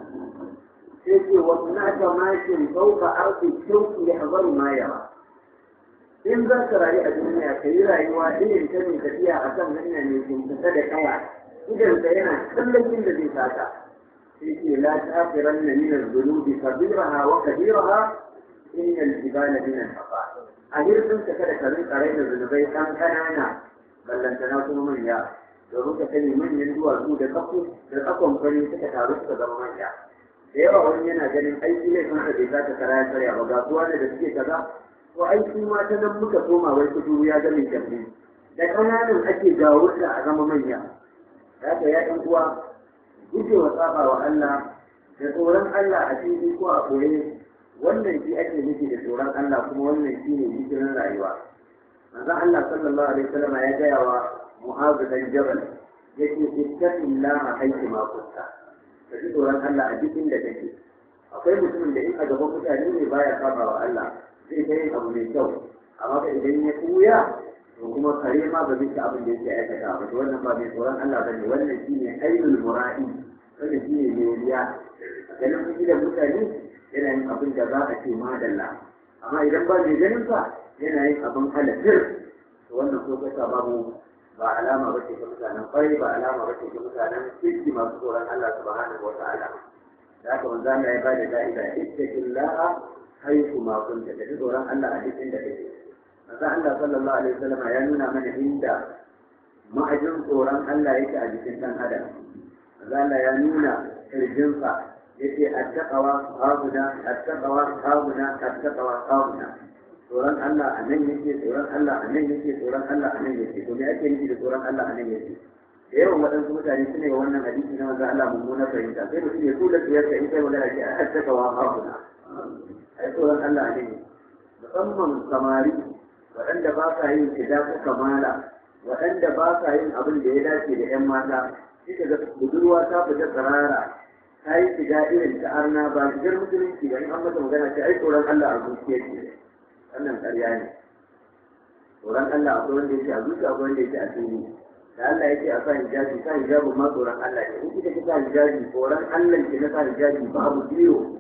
sai ce wa hunaka mashin fawqa ardi shawqi yahzaru ma yara in za ka rayu a duniya ka yi rayuwa irin ta mai tafiya a kan hanya mai jinkata da kaya idan ka yana kallon da zai saka sai ce la ta'firan na min az-zunubi kabiraha wa kabiraha In al ba na al-hafa a hirsun ka kada ka rinka da zunubai kan ƙanana. ballantana kuma manya da ka sani manyan duwatsu da kafu da kafon fari suka taru suka zama manya da yawa wani yana ganin aiki ne kan ka za ta kara karya ba gasuwa ne da suke kaza ko aiki ma ta nan muka koma wai kudu ya ga mai da ƙananan ake jawo da a zama manya da ta yaƙin uwa gujewa tsaba wa Allah da tsoron Allah a fili ko a koye wannan shi ake nufi da tsoron Allah kuma wannan shi ne jikin rayuwa Maza Allah sallallahu alaihi wasallam ya gaya wa Mu'adh dan Jabal yake ittaqillaha haythu ma kunta ka ji tsoron Allah a duk inda kake akwai mutumin da in a gaban mutane ne baya saba wa Allah zai ta yin abu mai kyau amma ka idan ya kuya to kuma kare ma ba zai abin da yake aikata ba to wannan ba mai tsoron Allah ba ne. wannan shine ayyul mura'i wannan shi ne meriya ganin kuɗi da mutane yana yin abin da za a ce madalla amma idan ba mai ganin ba. Yanayin abin halafir to wannan ko kasa babu ba alama ba ce ga mutanen kwari ba alama ba ce ga mutanen kirki masu tsoron Allah subhanahu wa ta'ala da aka wanzu ana ya ba da da'ida ittaqillaha haythu ma masu da tsoron Allah a cikin inda kake manzo Allah sallallahu alaihi wasallam ya nuna mana inda ma'ajin tsoron Allah yake a jikin ɗan adam manzo Allah ya nuna kirjinsa yake a hauna kawuna hauna attaqawa tsoron Allah a nan yake tsoron Allah a nan yake tsoron Allah a nan yake to me ake nufi da tsoron Allah a nan yake da yawan waɗansu mutane suna yi wannan hadisi na manzo Allah mummunar fahimta sai mutum ya kula tsiyar ka in kai magana hadisi a haddaka wa hakuna ai tsoron Allah a nan yake musamman samari waɗanda ba sa yin kida ko kamala waɗanda ba sa yin abin da ya dace da ‘yan mata shi ga budurwa ta fita tsirara ta yi shiga irin ta arna ba shigar musulunci ba in an mata magana ce ai tsoron Allah a zuciya ce wannan ƙarya ne tsoron Allah akwai wanda yake a zuci akwai wanda yake a fili da Allah yake a sa hijabi sa hijabi ma tsoron Allah ne in kika sa hijabi tsoron Allah ke na sa hijabi babu biyo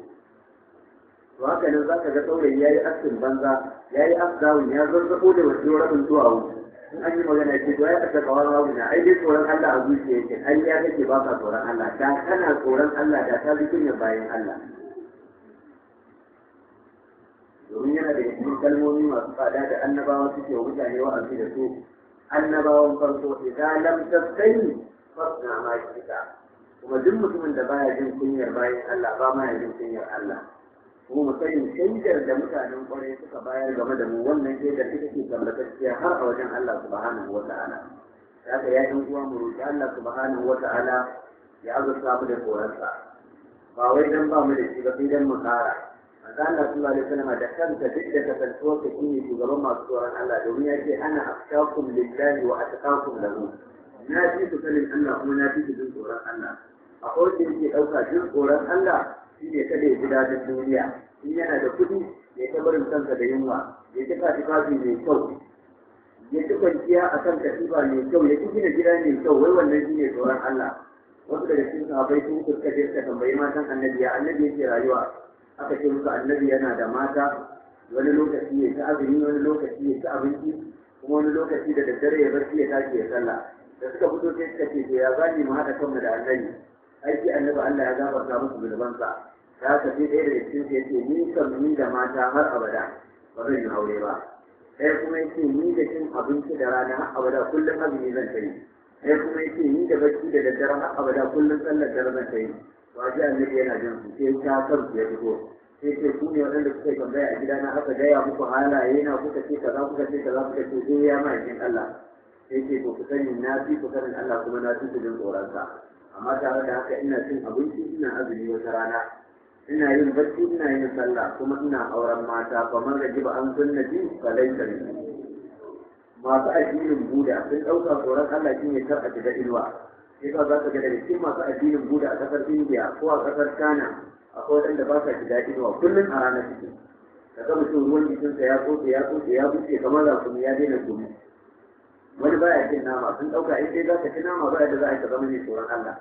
to haka nan ka ga saurayi yi askin banza ya yi afdawun ya zazzabo da wajen rabin zuwa wuce in an yi magana ce to ya kasa kawar na ai dai tsoron Allah a zuciya yake An ya kake ba ka tsoron Allah da kana tsoron Allah da ta bi kunya bayan Allah domin yana da cikin kalmomi masu tsada da annabawa suke wa mutane wa'azi da su annabawan farko idan lam tastani fasna ma shika kuma duk mutumin da baya jin kunyar bayan Allah ba ma jin kunyar Allah kuma mu sani shaidar da mutanen kwarai suka bayar game da mu wannan shaidar ita ce tabbatacciya har a wajen Allah subhanahu wa ta'ala haka ya yi uwa mu roƙi Allah subhanahu wa ta'ala ya azurta mu da koransa ba wai dan ba mu da shi ba sai dan mu ƙara. manzo Allah sallallahu alaihi wasallam da kanta duk da kasantuwar ta shine shugaban masu tsoron Allah domin ya ce ana afshakum lillahi wa atqakum lahu na fi su sanin Allah kuma na fi su jin tsoron Allah a kowace yake ɗauka jin tsoron Allah shi ne kada ya ji daɗin duniya in yana da kuɗi ya ta barin kansa da yunwa ya ta kafi kafi mai kyau ya ci kwanciya a kan katifa mai kyau ya ci gina gida mai kyau wai wannan shi ne tsoron Allah wasu daga cikin sahabbai sun kuskure suka tambayi matan annabi ya annabi yake rayuwa aka ce musu annabi yana da mata wani lokaci ya ci azumi wani lokaci ya ci abinci kuma wani lokaci da daddare ya barci ya tashi ya sallah da suka fito sai suka ce to ya zani mu haɗa kanmu da annabi aiki annabi Allah ya gafarta musu zunubansa haka sai ɗaya daga cikin su ce ni kan ni da mata har abada ba zan yi aure ba ɗaya kuma ya ce ni da cin abinci da rana har abada kullum azumi zan ta yi ɗaya kuma ya ce ni da bacci da daddare har abada kullum sallar dare zan yi. ba ji annabi yana jin su sai ta kan ya fito sai ce ku ne waɗanda kuka tambaya a gida na aka gaya muku halaye na kuka ce kaza kuka ce kaza kuka ce sai ya ma'aikin Allah sai ce ku sani na fi ku sanin Allah kuma na fi ku jin tsoronsa amma tare da haka ina cin abinci ina azumi wata rana ina yin bacci ina yin sallah kuma ina auren mata kamar da jiba an sunnati falai sari masu addinin buda sun ɗauka tsoron Allah shine ne kar a shiga ilwa yasa za ka ga daga cikin masu addinin buda a ƙasar India ko a ƙasar china akwai waɗanda ba sa shiga inuwa kullum a ranar ciki ka ga mutum ruwan jikinsa ya tsotse ya tsotse ya buce kamar rakumi ya daina gumi wani ba ya cin nama sun ɗauka in dai za ka ci nama ba da za a yi ka zama mai tsoron Allah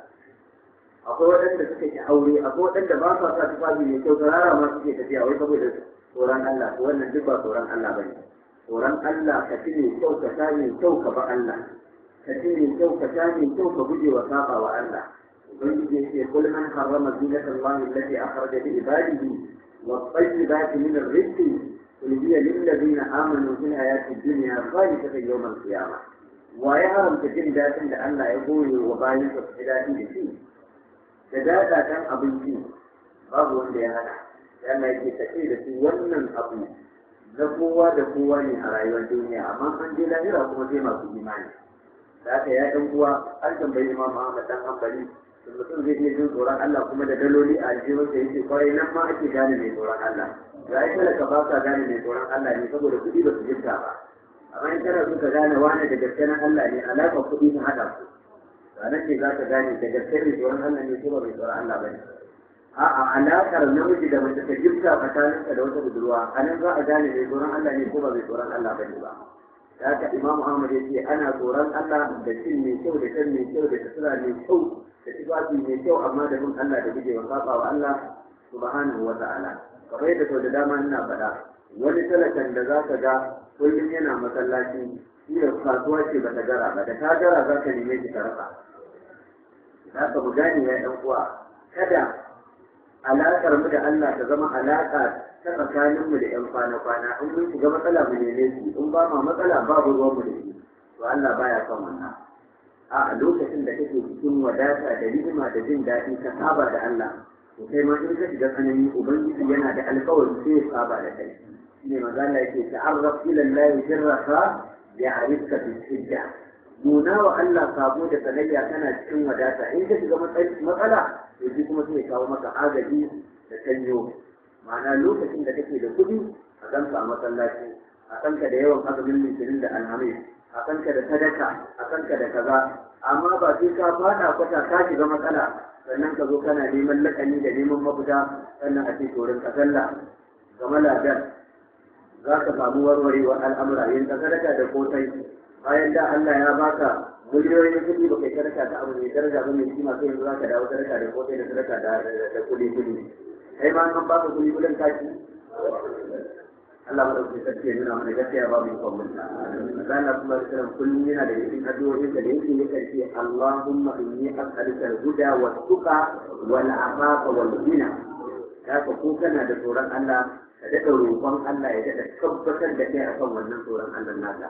akwai waɗanda suka ki aure akwai waɗanda ba sa sa tufafi mai kyau rara ma suke tafiya wai saboda tsoron Allah wannan duk ba tsoron Allah bane tsoron Allah ka ci mai kyau ka sa mai kyau ka ba Allah ka ce mai kyau ka sha mai kyau ka guje wa saba wa Allah ubangiji yake kul man harrama zinata Allah allati akhraja li ibadihi wa tayyibati min ar-rizqi qul hiya lil ladina amanu fil hayati dunya khalifatan yawm al-qiyamah wa ya haramta jin daɗin da Allah ya goye wa bayan sa su dadi da shi da dadadan abinci babu wanda ya hana yana yake tafi da su wannan abu na kowa da kowa ne a rayuwar duniya amma an je lahira kuma sai masu imani da aka ya ɗan uwa har tambayi imam Muhammad dan hanbali to mutum zai iya jin tsoron Allah kuma da daloli a aljihun da yake kwarai nan ma ake gane mai tsoron Allah ga ai ka ba sa gane mai tsoron Allah ne saboda kudi ba su jinta ba amma in kana ka gane wani da gaske na Allah ne alaka kudi ta haɗa ku ba nan ce za ka gane da gaske mai tsoron Allah ne ko ba mai tsoron Allah ba ne a'a alaƙar namiji da mace ta jinta tsakaninka da wata budurwa a nan za a gane mai tsoron Allah ne ko ba mai tsoron Allah ba ne ba ya Imam imamu ahmad ya ce ana tsoron allah da cin mai kyau da shan mai kyau da tasira mai kyau da tufafi mai kyau amma da bin allah da gujewa saba wa allah subhanahu wa ta'ala kamar yadda sau da dama ina faɗa wani talakan da za ka ga kullum yana masallaci iya kasuwa ce ba ta gara ba da ta gara za ka neme ki ka rasa za ka mu gane ya ɗan uwa kada alaƙar mu da Allah ta zama alaƙa ta tsakanin mu da ƴan kwana-kwana in mun shiga matsala mu ne shi in ba ma matsala babu ruwan mu da shi to Allah baya son wannan a lokacin da kake cikin wadata da ni'ima da jin daɗi ka saba da Allah to kai ma in ka shiga tsanani ubangiji yana da alƙawari sai ya saba da kai shine maza Allah yake ta'arraf ila Allah ya rafa ya'rifka hijja nuna wa Allah sabo da sanayya tana cikin wadata in ka shiga matsala to shi kuma sai kawo maka agaji da canjo ma'ana lokacin da kake da kuɗi a kanka a masallaci a kanka da yawan azumin litinin da alhamis a kanka da sadaka a kanka da kaza amma ba sai ka fada kwata ka shiga matsala sannan ka zo kana neman lakani da neman mafita sannan a ce torin ka sallah ga maladar za ka samu warwarewar al'amura yin sadaka da kotai bayan da Allah ya baka miliyoyin kuɗi baka yi sadaka ta abu mai daraja ba mai kima sai yanzu zaka dawo sadaka da kotai da sadaka da kuɗi kuɗi kai ma an baka kuɗi kuɗin kaki Allah ma dauki sarki ya nuna mana gaskiya ba mu kwan mun Allah na kuma sallam kullum yana da yankin addu'o'in da yankin ne karshe Allahumma inni as'aluka al-huda wa tuqa wal afafa wal ghina ka ko kana da tsoron Allah ka daɗa roƙon Allah ya daɗa tabbatar da kai kan wannan tsoron Allah naka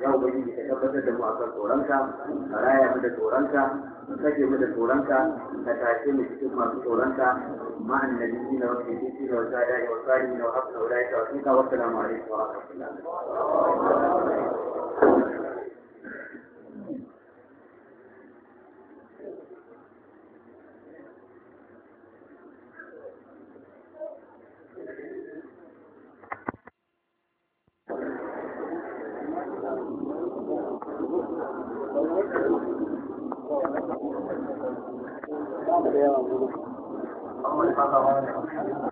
ya ubangiji ka tabbatar da mu a kan tsoronka ka raya mu da tsoronka ka kashe mu da tsoronka ka tashe mu cikin masu tsoronka ma annabi na wasu jiki na wasu da'i wasu na wasu hafsa wa da'i ta wasu ka wasu na ma'arifa wa rahmatullahi da yawa